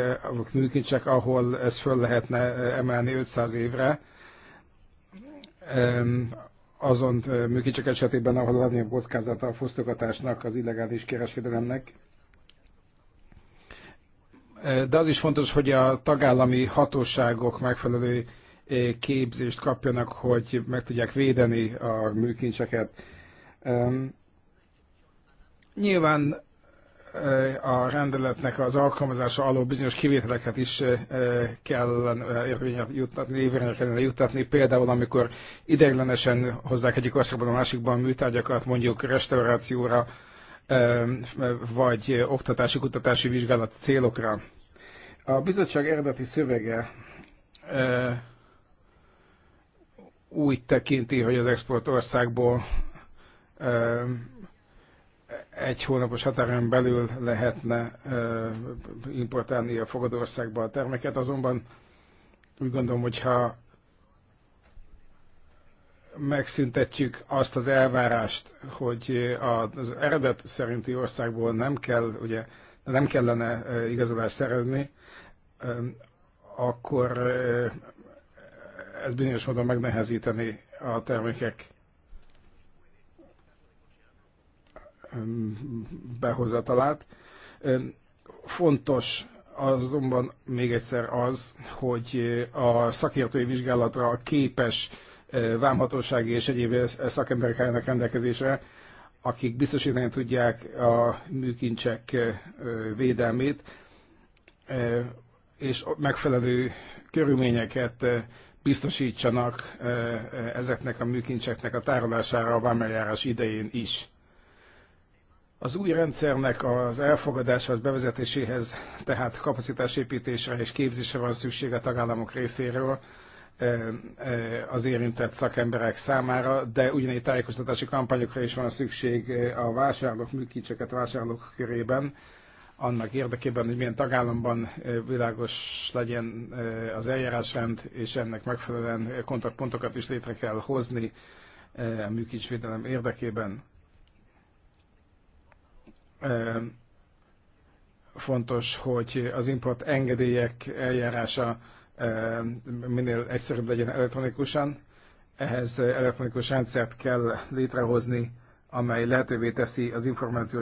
műkincsek, ahol ez föl lehetne emelni 500 évre. Azon műkincsek esetében, ahol a legnagyobb kockázata a fosztogatásnak, az illegális kereskedelemnek. De az is fontos, hogy a tagállami hatóságok megfelelő eh, képzést kapjanak, hogy meg tudják védeni a műkincseket. Nyilván eh, a rendeletnek az alkalmazása alól bizonyos kivételeket is eh, kellene érvényre juttatni, érvényre kellene juttatni. Például, amikor ideiglenesen hozzák egyik országban a másikban műtárgyakat, mondjuk restaurációra, vagy oktatási-kutatási vizsgálat célokra. A bizottság eredeti szövege úgy tekinti, hogy az export országból egy hónapos határon belül lehetne importálni a fogadországba a termeket, azonban úgy gondolom, hogyha megszüntetjük azt az elvárást, hogy az eredet szerinti országból nem kell, ugye, nem kellene igazolást szerezni, akkor ez bizonyos módon megnehezíteni a termékek behozatalát. Fontos azonban még egyszer az, hogy a szakértői vizsgálatra képes vámhatósági és egyéb szakemberek állnak rendelkezésre, akik biztosítani tudják a műkincsek védelmét, és megfelelő körülményeket biztosítsanak ezeknek a műkincseknek a tárolására a vámeljárás idején is. Az új rendszernek az elfogadása, az bevezetéséhez tehát kapacitásépítésre és képzésre van szükség a tagállamok részéről, az érintett szakemberek számára, de ugyanígy tájékoztatási kampányokra is van szükség a vásárlók, műkincseket vásárlók körében, annak érdekében, hogy milyen tagállamban világos legyen az eljárásrend, és ennek megfelelően kontaktpontokat is létre kell hozni a műkincsvédelem érdekében. Fontos, hogy az import engedélyek eljárása minél egyszerűbb legyen elektronikusan. Ehhez elektronikus rendszert kell létrehozni, amely lehetővé teszi az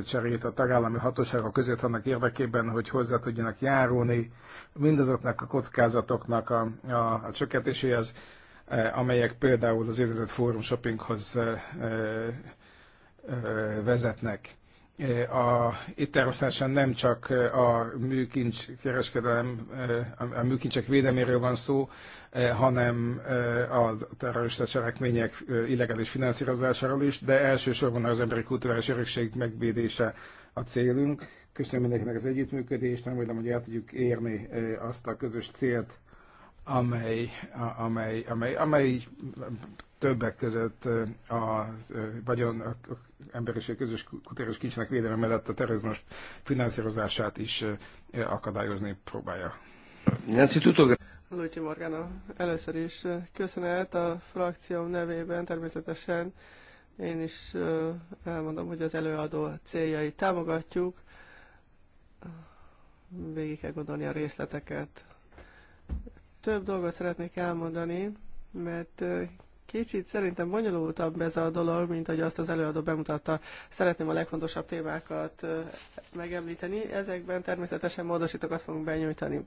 cserét a tagállami hatóságok között annak érdekében, hogy hozzá tudjanak járulni mindazoknak a kockázatoknak a, a, a csökkentéséhez, amelyek például az Internet Fórum Shoppinghoz vezetnek. E, a ételosztáson nem csak e, a műkincs kereskedelem, e, a műkincsek védelméről van szó, hanem a terrorista cselekmények illegális finanszírozásáról is, de elsősorban az emberi kulturális örökség megvédése a célunk. Köszönöm mindenkinek az együttműködést, nem remélem, hogy el tudjuk érni azt a közös célt, amely, amely, amely, amely többek között a vagyon a emberiség közös kutérős kincsnek védelme mellett a terrorizmus finanszírozását is akadályozni próbálja. Nancy Tutog. Lutyi Morgana, először is köszönet a frakcióm nevében természetesen. Én is elmondom, hogy az előadó céljait támogatjuk. Végig kell gondolni a részleteket. Több dolgot szeretnék elmondani, mert Kicsit szerintem bonyolultabb ez a dolog, mint ahogy azt az előadó bemutatta. Szeretném a legfontosabb témákat megemlíteni. Ezekben természetesen módosítókat fogunk benyújtani.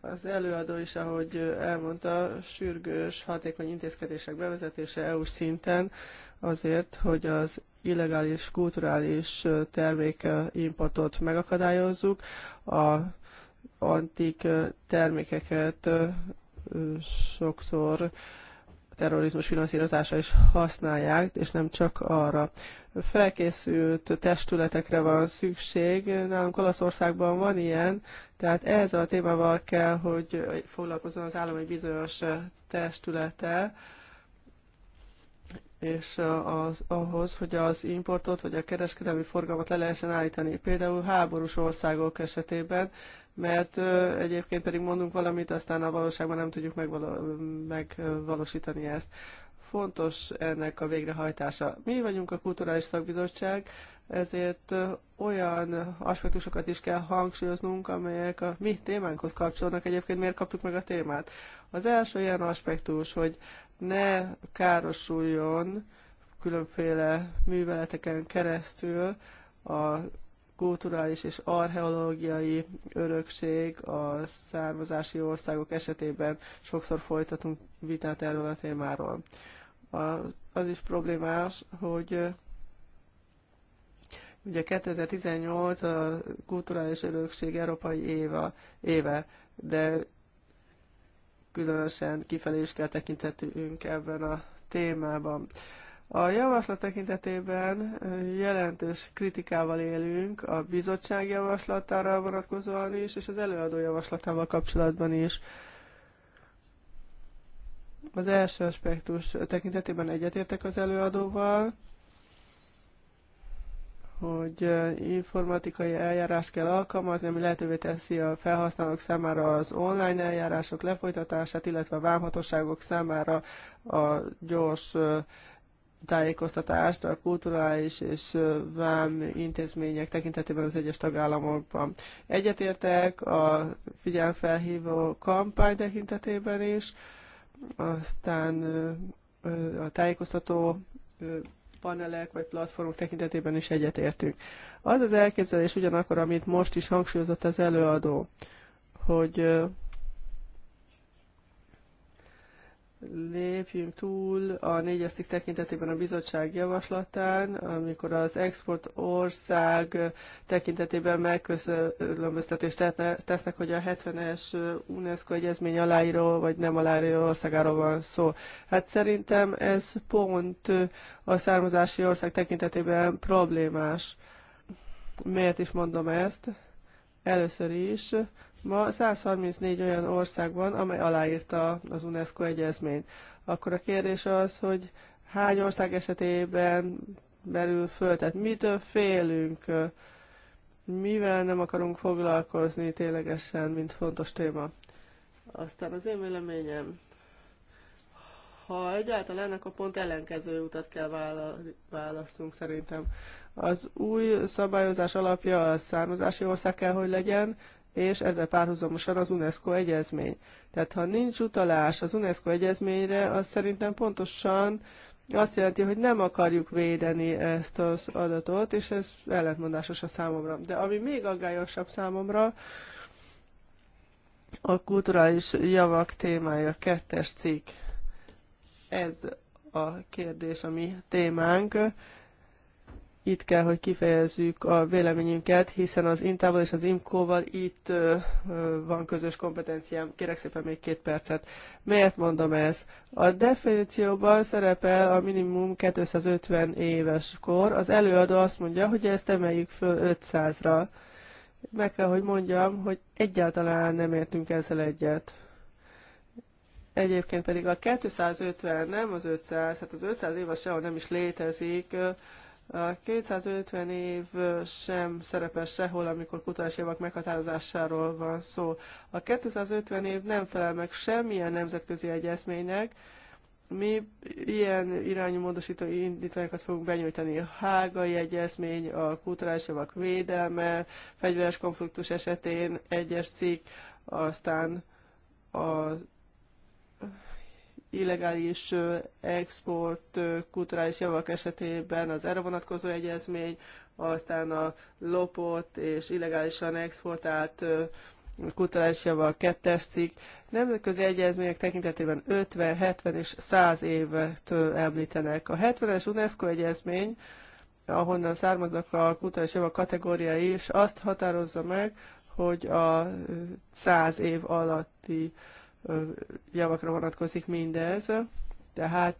Az előadó is, ahogy elmondta, sürgős, hatékony intézkedések bevezetése EU szinten azért, hogy az illegális, kulturális termék importot megakadályozzuk, a antik termékeket sokszor terrorizmus finanszírozása is használják, és nem csak arra. Felkészült testületekre van szükség, nálunk Olaszországban van ilyen, tehát ezzel a témával kell, hogy foglalkozzon az állam egy bizonyos testülete, és az, ahhoz, hogy az importot vagy a kereskedelmi forgalmat le lehessen állítani. Például háborús országok esetében mert egyébként pedig mondunk valamit, aztán a valóságban nem tudjuk megvalo- megvalósítani ezt. Fontos ennek a végrehajtása. Mi vagyunk a Kulturális Szakbizottság, ezért olyan aspektusokat is kell hangsúlyoznunk, amelyek a mi témánkhoz kapcsolódnak. Egyébként miért kaptuk meg a témát? Az első ilyen aspektus, hogy ne károsuljon különféle műveleteken keresztül a kulturális és archeológiai örökség a származási országok esetében sokszor folytatunk vitát erről a témáról. Az is problémás, hogy ugye 2018 a kulturális örökség európai éve, éve de különösen kifelé is kell tekintetünk ebben a témában. A javaslat tekintetében jelentős kritikával élünk a bizottság javaslatára vonatkozóan is, és az előadó javaslatával kapcsolatban is. Az első aspektus tekintetében egyetértek az előadóval, hogy informatikai eljárás kell alkalmazni, ami lehetővé teszi a felhasználók számára az online eljárások lefolytatását, illetve a vámhatóságok számára a gyors tájékoztatást a kulturális és vám intézmények tekintetében az egyes tagállamokban. Egyetértek a figyelmfelhívó kampány tekintetében is, aztán a tájékoztató panelek vagy platformok tekintetében is egyetértünk. Az az elképzelés ugyanakkor, amit most is hangsúlyozott az előadó, hogy lépjünk túl a négyesztik tekintetében a bizottság javaslatán, amikor az export ország tekintetében megkülönböztetést tesznek, hogy a 70-es UNESCO egyezmény aláíró vagy nem aláíró országáról van szó. Hát szerintem ez pont a származási ország tekintetében problémás. Miért is mondom ezt? Először is Ma 134 olyan ország van, amely aláírta az UNESCO egyezményt. Akkor a kérdés az, hogy hány ország esetében belül föl, tehát mitől félünk, mivel nem akarunk foglalkozni ténylegesen, mint fontos téma. Aztán az én véleményem, ha egyáltalán, akkor pont ellenkező utat kell választunk szerintem. Az új szabályozás alapja a származási ország kell, hogy legyen, és ezzel párhuzamosan az UNESCO egyezmény. Tehát ha nincs utalás az UNESCO egyezményre, az szerintem pontosan azt jelenti, hogy nem akarjuk védeni ezt az adatot, és ez ellentmondásos a számomra. De ami még aggályosabb számomra, a kulturális javak témája, kettes cikk. Ez a kérdés, ami témánk itt kell, hogy kifejezzük a véleményünket, hiszen az Intával és az Imkóval itt ö, ö, van közös kompetenciám. Kérek szépen még két percet. Miért mondom ezt? A definícióban szerepel a minimum 250 éves kor. Az előadó azt mondja, hogy ezt emeljük föl 500-ra. Meg kell, hogy mondjam, hogy egyáltalán nem értünk ezzel egyet. Egyébként pedig a 250 nem az 500, hát az 500 éves sehol nem is létezik. A 250 év sem szerepel sehol, amikor kutatási évek meghatározásáról van szó. A 250 év nem felel meg semmilyen nemzetközi egyezménynek, mi ilyen irányú módosító indítványokat fogunk benyújtani. A hágai egyezmény, a kulturális javak védelme, fegyveres konfliktus esetén egyes cikk, aztán a illegális export kulturális javak esetében az erre vonatkozó egyezmény, aztán a lopott és illegálisan exportált kulturális javak kettes cikk. Nemzetközi egyezmények tekintetében 50, 70 és 100 évet említenek. A 70-es UNESCO egyezmény, ahonnan származnak a kulturális javak kategóriái, és azt határozza meg, hogy a 100 év alatti uh, javakra vonatkozik mindez, tehát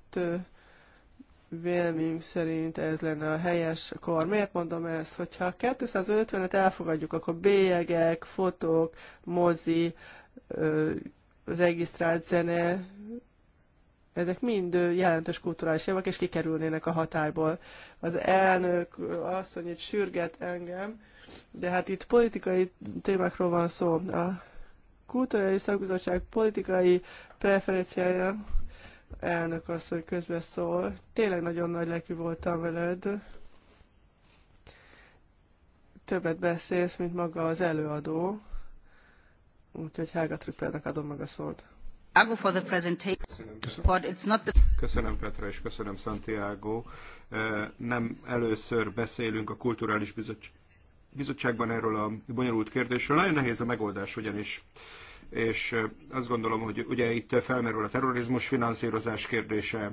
véleményünk szerint ez lenne a helyes kor. Miért mondom ezt? Hogyha 250-et elfogadjuk, akkor bélyegek, fotók, mozi, regisztrált zene, ezek mind jelentős kulturális javak, és kikerülnének a hatályból. Az elnök asszony itt sürget engem, de hát itt politikai témákról van szó. A kulturális szakbizottság politikai preferenciája elnök asszony szól. Tényleg nagyon nagy lelkű voltam veled. Többet beszélsz, mint maga az előadó. Úgyhogy Helga Trüppelnek adom meg a szót. For the presentation. köszönöm Petra és köszönöm Santiago. Nem először beszélünk a Kulturális Bizottság bizottságban erről a bonyolult kérdésről. Nagyon nehéz a megoldás ugyanis és azt gondolom, hogy ugye itt felmerül a terrorizmus finanszírozás kérdése,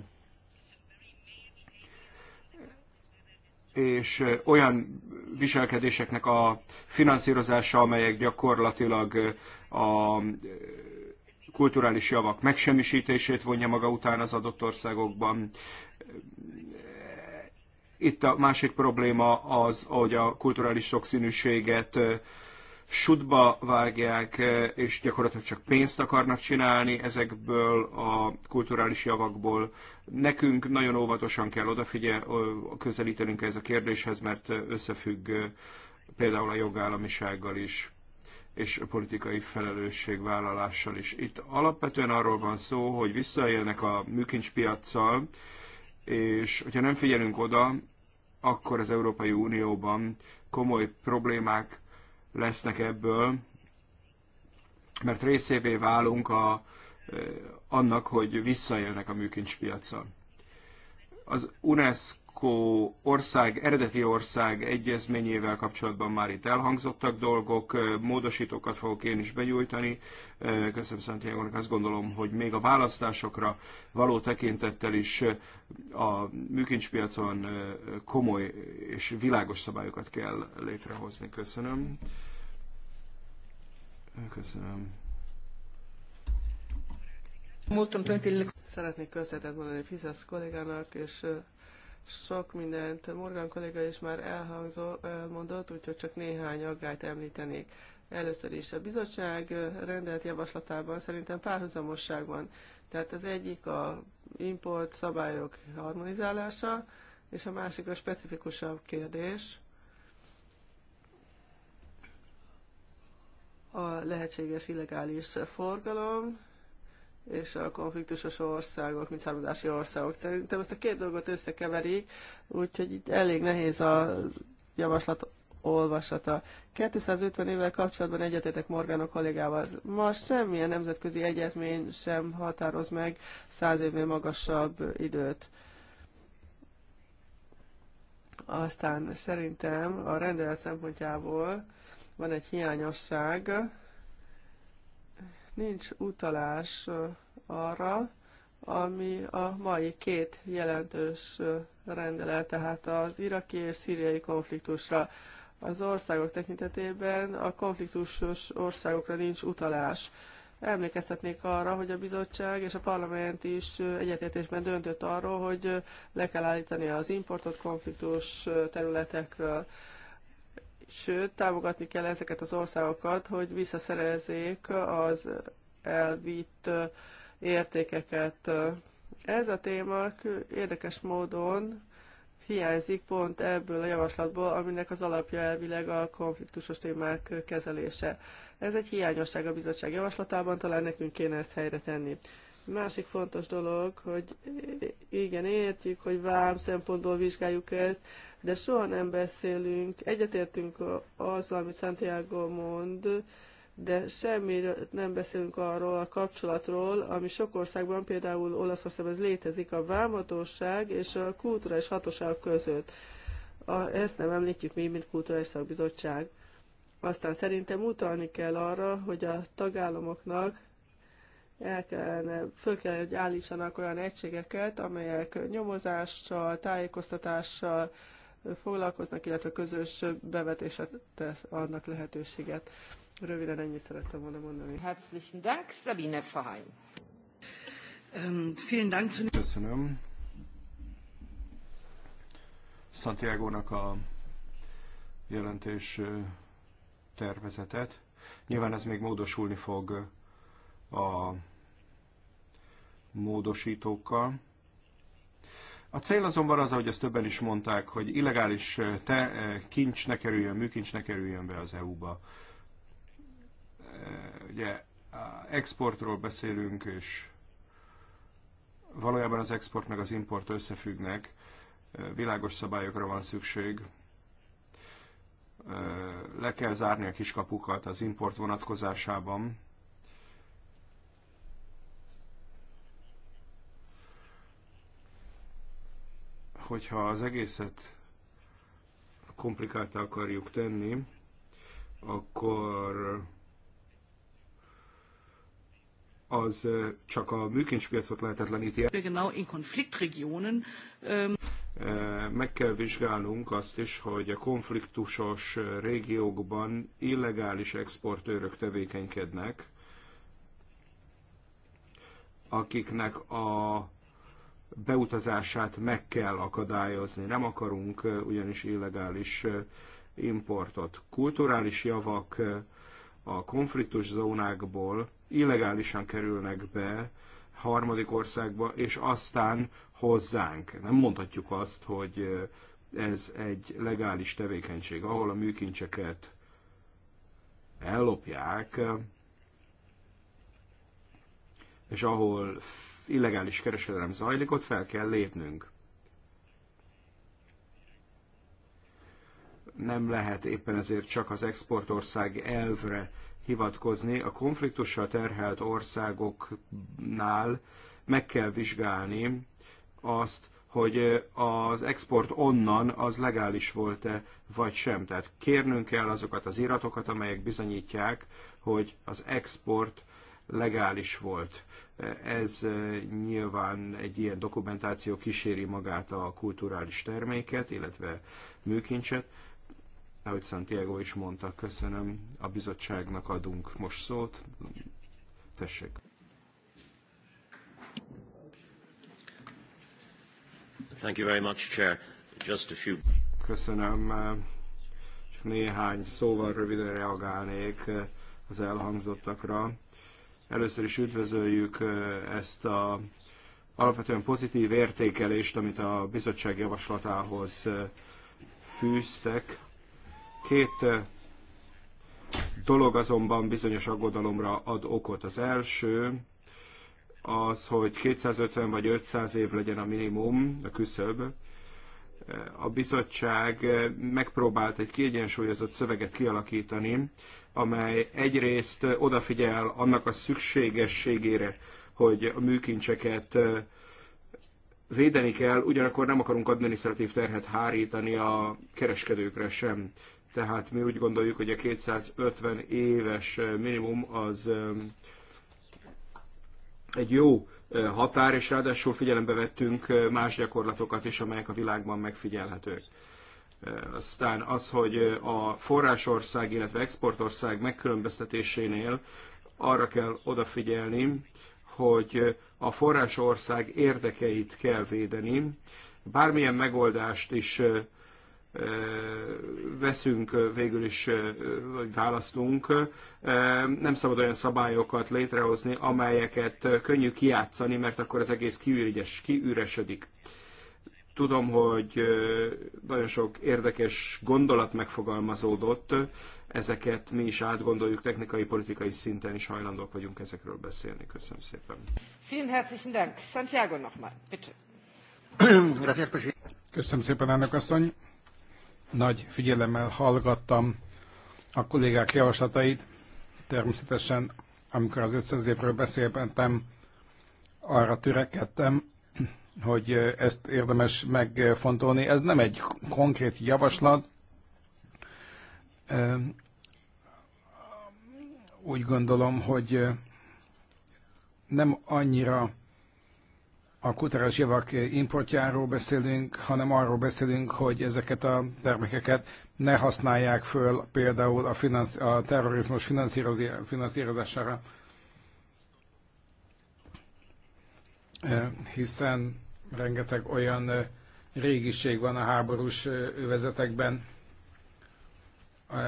és olyan viselkedéseknek a finanszírozása, amelyek gyakorlatilag a kulturális javak megsemmisítését vonja maga után az adott országokban. Itt a másik probléma az, hogy a kulturális sokszínűséget sutba vágják, és gyakorlatilag csak pénzt akarnak csinálni ezekből a kulturális javakból. Nekünk nagyon óvatosan kell odafigyel, közelítenünk ez a kérdéshez, mert összefügg például a jogállamisággal is, és a politikai felelősségvállalással is. Itt alapvetően arról van szó, hogy visszaélnek a műkincspiacsal, és hogyha nem figyelünk oda, akkor az Európai Unióban komoly problémák lesznek ebből, mert részévé válunk a, eh, annak, hogy visszaélnek a műkincspiacon. Az UNESCO Marokkó ország, eredeti ország egyezményével kapcsolatban már itt elhangzottak dolgok, módosítókat fogok én is begyújtani. Köszönöm santiago azt gondolom, hogy még a választásokra való tekintettel is a műkincspiacon komoly és világos szabályokat kell létrehozni. Köszönöm. Köszönöm. Szeretnék köszönetet mondani Fizasz kollégának, és sok mindent Morgan kolléga is már elhangzó, elmondott, úgyhogy csak néhány aggályt említenék. Először is a bizottság rendelt javaslatában szerintem párhuzamosság van. Tehát az egyik a import szabályok harmonizálása, és a másik a specifikusabb kérdés, a lehetséges illegális forgalom, és a konfliktusos országok, mint származási országok. Szerintem ezt a két dolgot összekeverik, úgyhogy itt elég nehéz a javaslat olvasata. 250 évvel kapcsolatban egyetértek Morgano kollégával. Ma semmilyen nemzetközi egyezmény sem határoz meg száz évnél magasabb időt. Aztán szerintem a rendelet szempontjából van egy hiányosság, nincs utalás arra, ami a mai két jelentős rendelet, tehát az iraki és szíriai konfliktusra. Az országok tekintetében a konfliktusos országokra nincs utalás. Emlékeztetnék arra, hogy a bizottság és a parlament is egyetértésben döntött arról, hogy le kell állítani az importot konfliktus területekről sőt támogatni kell ezeket az országokat, hogy visszaszerezzék az elvitt értékeket. Ez a téma érdekes módon hiányzik pont ebből a javaslatból, aminek az alapja elvileg a konfliktusos témák kezelése. Ez egy hiányosság a bizottság javaslatában, talán nekünk kéne ezt helyre tenni. Másik fontos dolog, hogy igen, értjük, hogy vám szempontból vizsgáljuk ezt, de soha nem beszélünk, egyetértünk azzal, amit Santiago mond, de semmi nem beszélünk arról a kapcsolatról, ami sok országban, például Olaszországban ez létezik, a vámhatóság és a kulturális hatóság között. A, ezt nem említjük mi, mint kulturális szakbizottság. Aztán szerintem utalni kell arra, hogy a tagállamoknak el kellene, föl kell, hogy állítsanak olyan egységeket, amelyek nyomozással, tájékoztatással, foglalkoznak, illetve közös bevetéset tesz, adnak lehetőséget. Röviden ennyit szerettem volna mondani. Herzlichen Dank, Sabine Verheyen. Vielen Dank. Köszönöm. Santiago-nak a jelentés tervezetet. Nyilván ez még módosulni fog a módosítókkal. A cél azonban az, ahogy ezt többen is mondták, hogy illegális eh, te, eh, kincs ne kerüljön, műkincs ne kerüljön be az EU-ba. Eh, ugye exportról beszélünk, és valójában az export meg az import összefüggnek, világos szabályokra van szükség, le kell zárni a kiskapukat az import vonatkozásában, hogyha az egészet komplikáltá akarjuk tenni, akkor az csak a műkincspiacot lehetetleníti. Ähm, meg kell vizsgálnunk azt is, hogy a konfliktusos régiókban illegális exportőrök tevékenykednek, akiknek a beutazását meg kell akadályozni. Nem akarunk ugyanis illegális importot. Kulturális javak a konfliktus zónákból illegálisan kerülnek be harmadik országba, és aztán hozzánk. Nem mondhatjuk azt, hogy ez egy legális tevékenység, ahol a műkincseket ellopják, és ahol illegális kereselem zajlik, ott fel kell lépnünk. Nem lehet éppen ezért csak az exportország elvre hivatkozni. A konfliktussal terhelt országoknál meg kell vizsgálni azt, hogy az export onnan az legális volt-e, vagy sem. Tehát kérnünk kell azokat az iratokat, amelyek bizonyítják, hogy az export legális volt. Ez eh, nyilván egy ilyen dokumentáció kíséri magát a kulturális terméket, illetve műkincset. Ahogy Santiago is mondta, köszönöm, a bizottságnak adunk most szót. Tessék. Thank you very much, Chair. Just a few... Köszönöm. Csak néhány szóval röviden reagálnék eh, az elhangzottakra. Először is üdvözöljük ezt a alapvetően pozitív értékelést, amit a bizottság javaslatához fűztek. Két dolog azonban bizonyos aggodalomra ad okot. Az első az, hogy 250 vagy 500 év legyen a minimum, a küszöb. A bizottság megpróbált egy kiegyensúlyozott szöveget kialakítani, amely egyrészt odafigyel annak a szükségességére, hogy a műkincseket védeni kell, ugyanakkor nem akarunk adminisztratív terhet hárítani a kereskedőkre sem. Tehát mi úgy gondoljuk, hogy a 250 éves minimum az egy jó határ, és ráadásul figyelembe vettünk más gyakorlatokat is, amelyek a világban megfigyelhetők. Aztán az, hogy a forrásország, illetve exportország megkülönböztetésénél arra kell odafigyelni, hogy a forrásország érdekeit kell védeni. Bármilyen megoldást is veszünk végül is, vagy választunk, nem szabad olyan szabályokat létrehozni, amelyeket könnyű kiátszani, mert akkor az egész kiüres, kiüresedik. Tudom, hogy nagyon sok érdekes gondolat megfogalmazódott, ezeket mi is átgondoljuk technikai, politikai szinten is hajlandók vagyunk ezekről beszélni. Köszönöm szépen. Vielen herzlichen Dank. Santiago nochmal, bitte. Köszönöm szépen, elnök asszony. Nagy figyelemmel hallgattam a kollégák javaslatait. Természetesen, amikor az 500 évről beszéltem, arra törekedtem, hogy ezt érdemes megfontolni. Ez nem egy konkrét javaslat. Úgy gondolom, hogy nem annyira a kutárás javak importjáról beszélünk, hanem arról beszélünk, hogy ezeket a termékeket ne használják föl például a, finansz, a terrorizmus finanszírozására, hiszen rengeteg olyan régiség van a háborús övezetekben,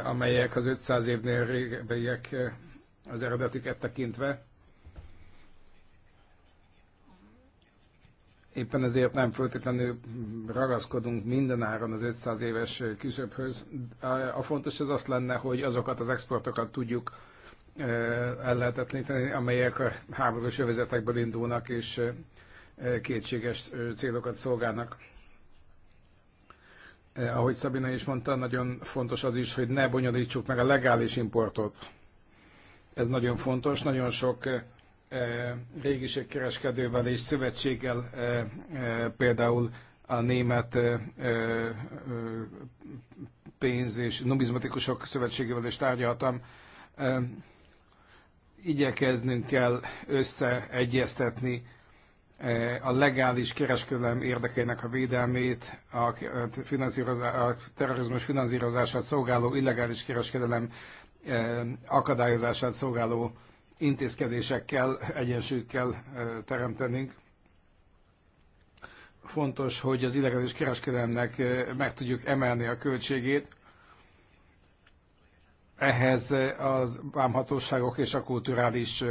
amelyek az 500 évnél régebbiek az eredetiket tekintve. Éppen ezért nem föltétlenül ragaszkodunk mindenáron az 500 éves küszöbhöz. A fontos az azt lenne, hogy azokat az exportokat tudjuk ellehetetleníteni, amelyek a háborús övezetekből indulnak, és kétséges célokat szolgálnak. Ahogy Szabina is mondta, nagyon fontos az is, hogy ne bonyolítsuk meg a legális importot. Ez nagyon fontos, nagyon sok régiségkereskedővel és szövetséggel például a német pénz és numizmatikusok szövetségével is tárgyaltam. Igyekeznünk kell összeegyeztetni Eh, a legális kereskedelem érdekeinek a védelmét, a, finanszírozás, a terrorizmus finanszírozását szolgáló illegális kereskedelem eh, akadályozását szolgáló intézkedésekkel, egyensúlyt kell eh, teremtenünk. Fontos, hogy az illegális kereskedelemnek meg tudjuk emelni a költségét. Ehhez az vámhatóságok és a kulturális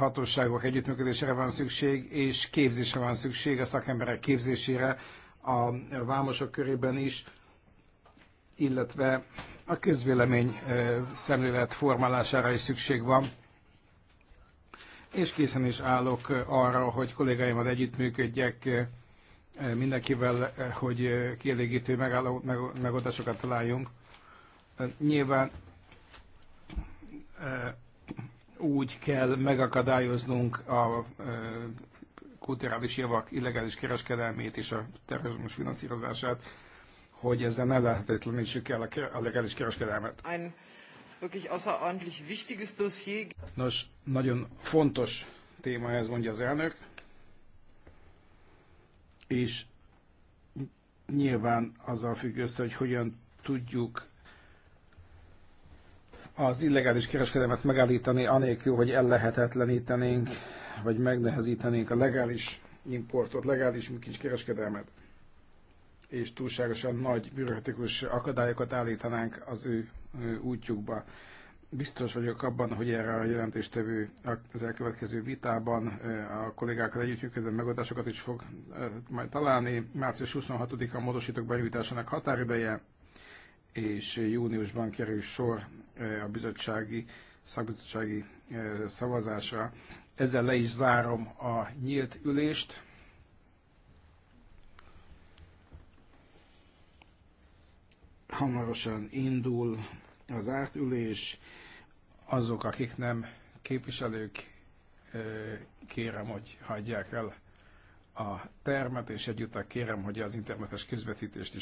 hatóságok együttműködésére van szükség, és képzésre van szükség, a szakemberek képzésére a vámosok körében is, illetve a közvélemény szemlélet formálására is szükség van. És készen is állok arra, hogy kollégáimmal együttműködjek mindenkivel, hogy kielégítő megoldásokat találjunk. Nyilván úgy kell megakadályoznunk a kulturális javak illegális kereskedelmét és a terrorizmus finanszírozását, hogy ezzel ne lehetetlenítsük el a legális kereskedelmet. Nos, nagyon fontos téma ez, mondja az elnök. És nyilván azzal függ össze, hogy hogyan tudjuk az illegális kereskedelmet megállítani, anélkül, hogy ellehetetlenítenénk, vagy megnehezítenénk a legális importot, legális kereskedelmet, és túlságosan nagy bürokratikus akadályokat állítanánk az ő útjukba. Biztos vagyok abban, hogy erre a jelentéstevő az elkövetkező vitában a kollégákkal együttműködő megoldásokat is fog majd találni. Március 26-a módosítók benyújtásának határideje, és júniusban kerül sor a bizottsági, szakbizottsági szavazásra. Ezzel le is zárom a nyílt ülést. Hamarosan indul az átülés. Azok, akik nem képviselők, kérem, hogy hagyják el a termet, és egyúttal kérem, hogy az internetes közvetítést is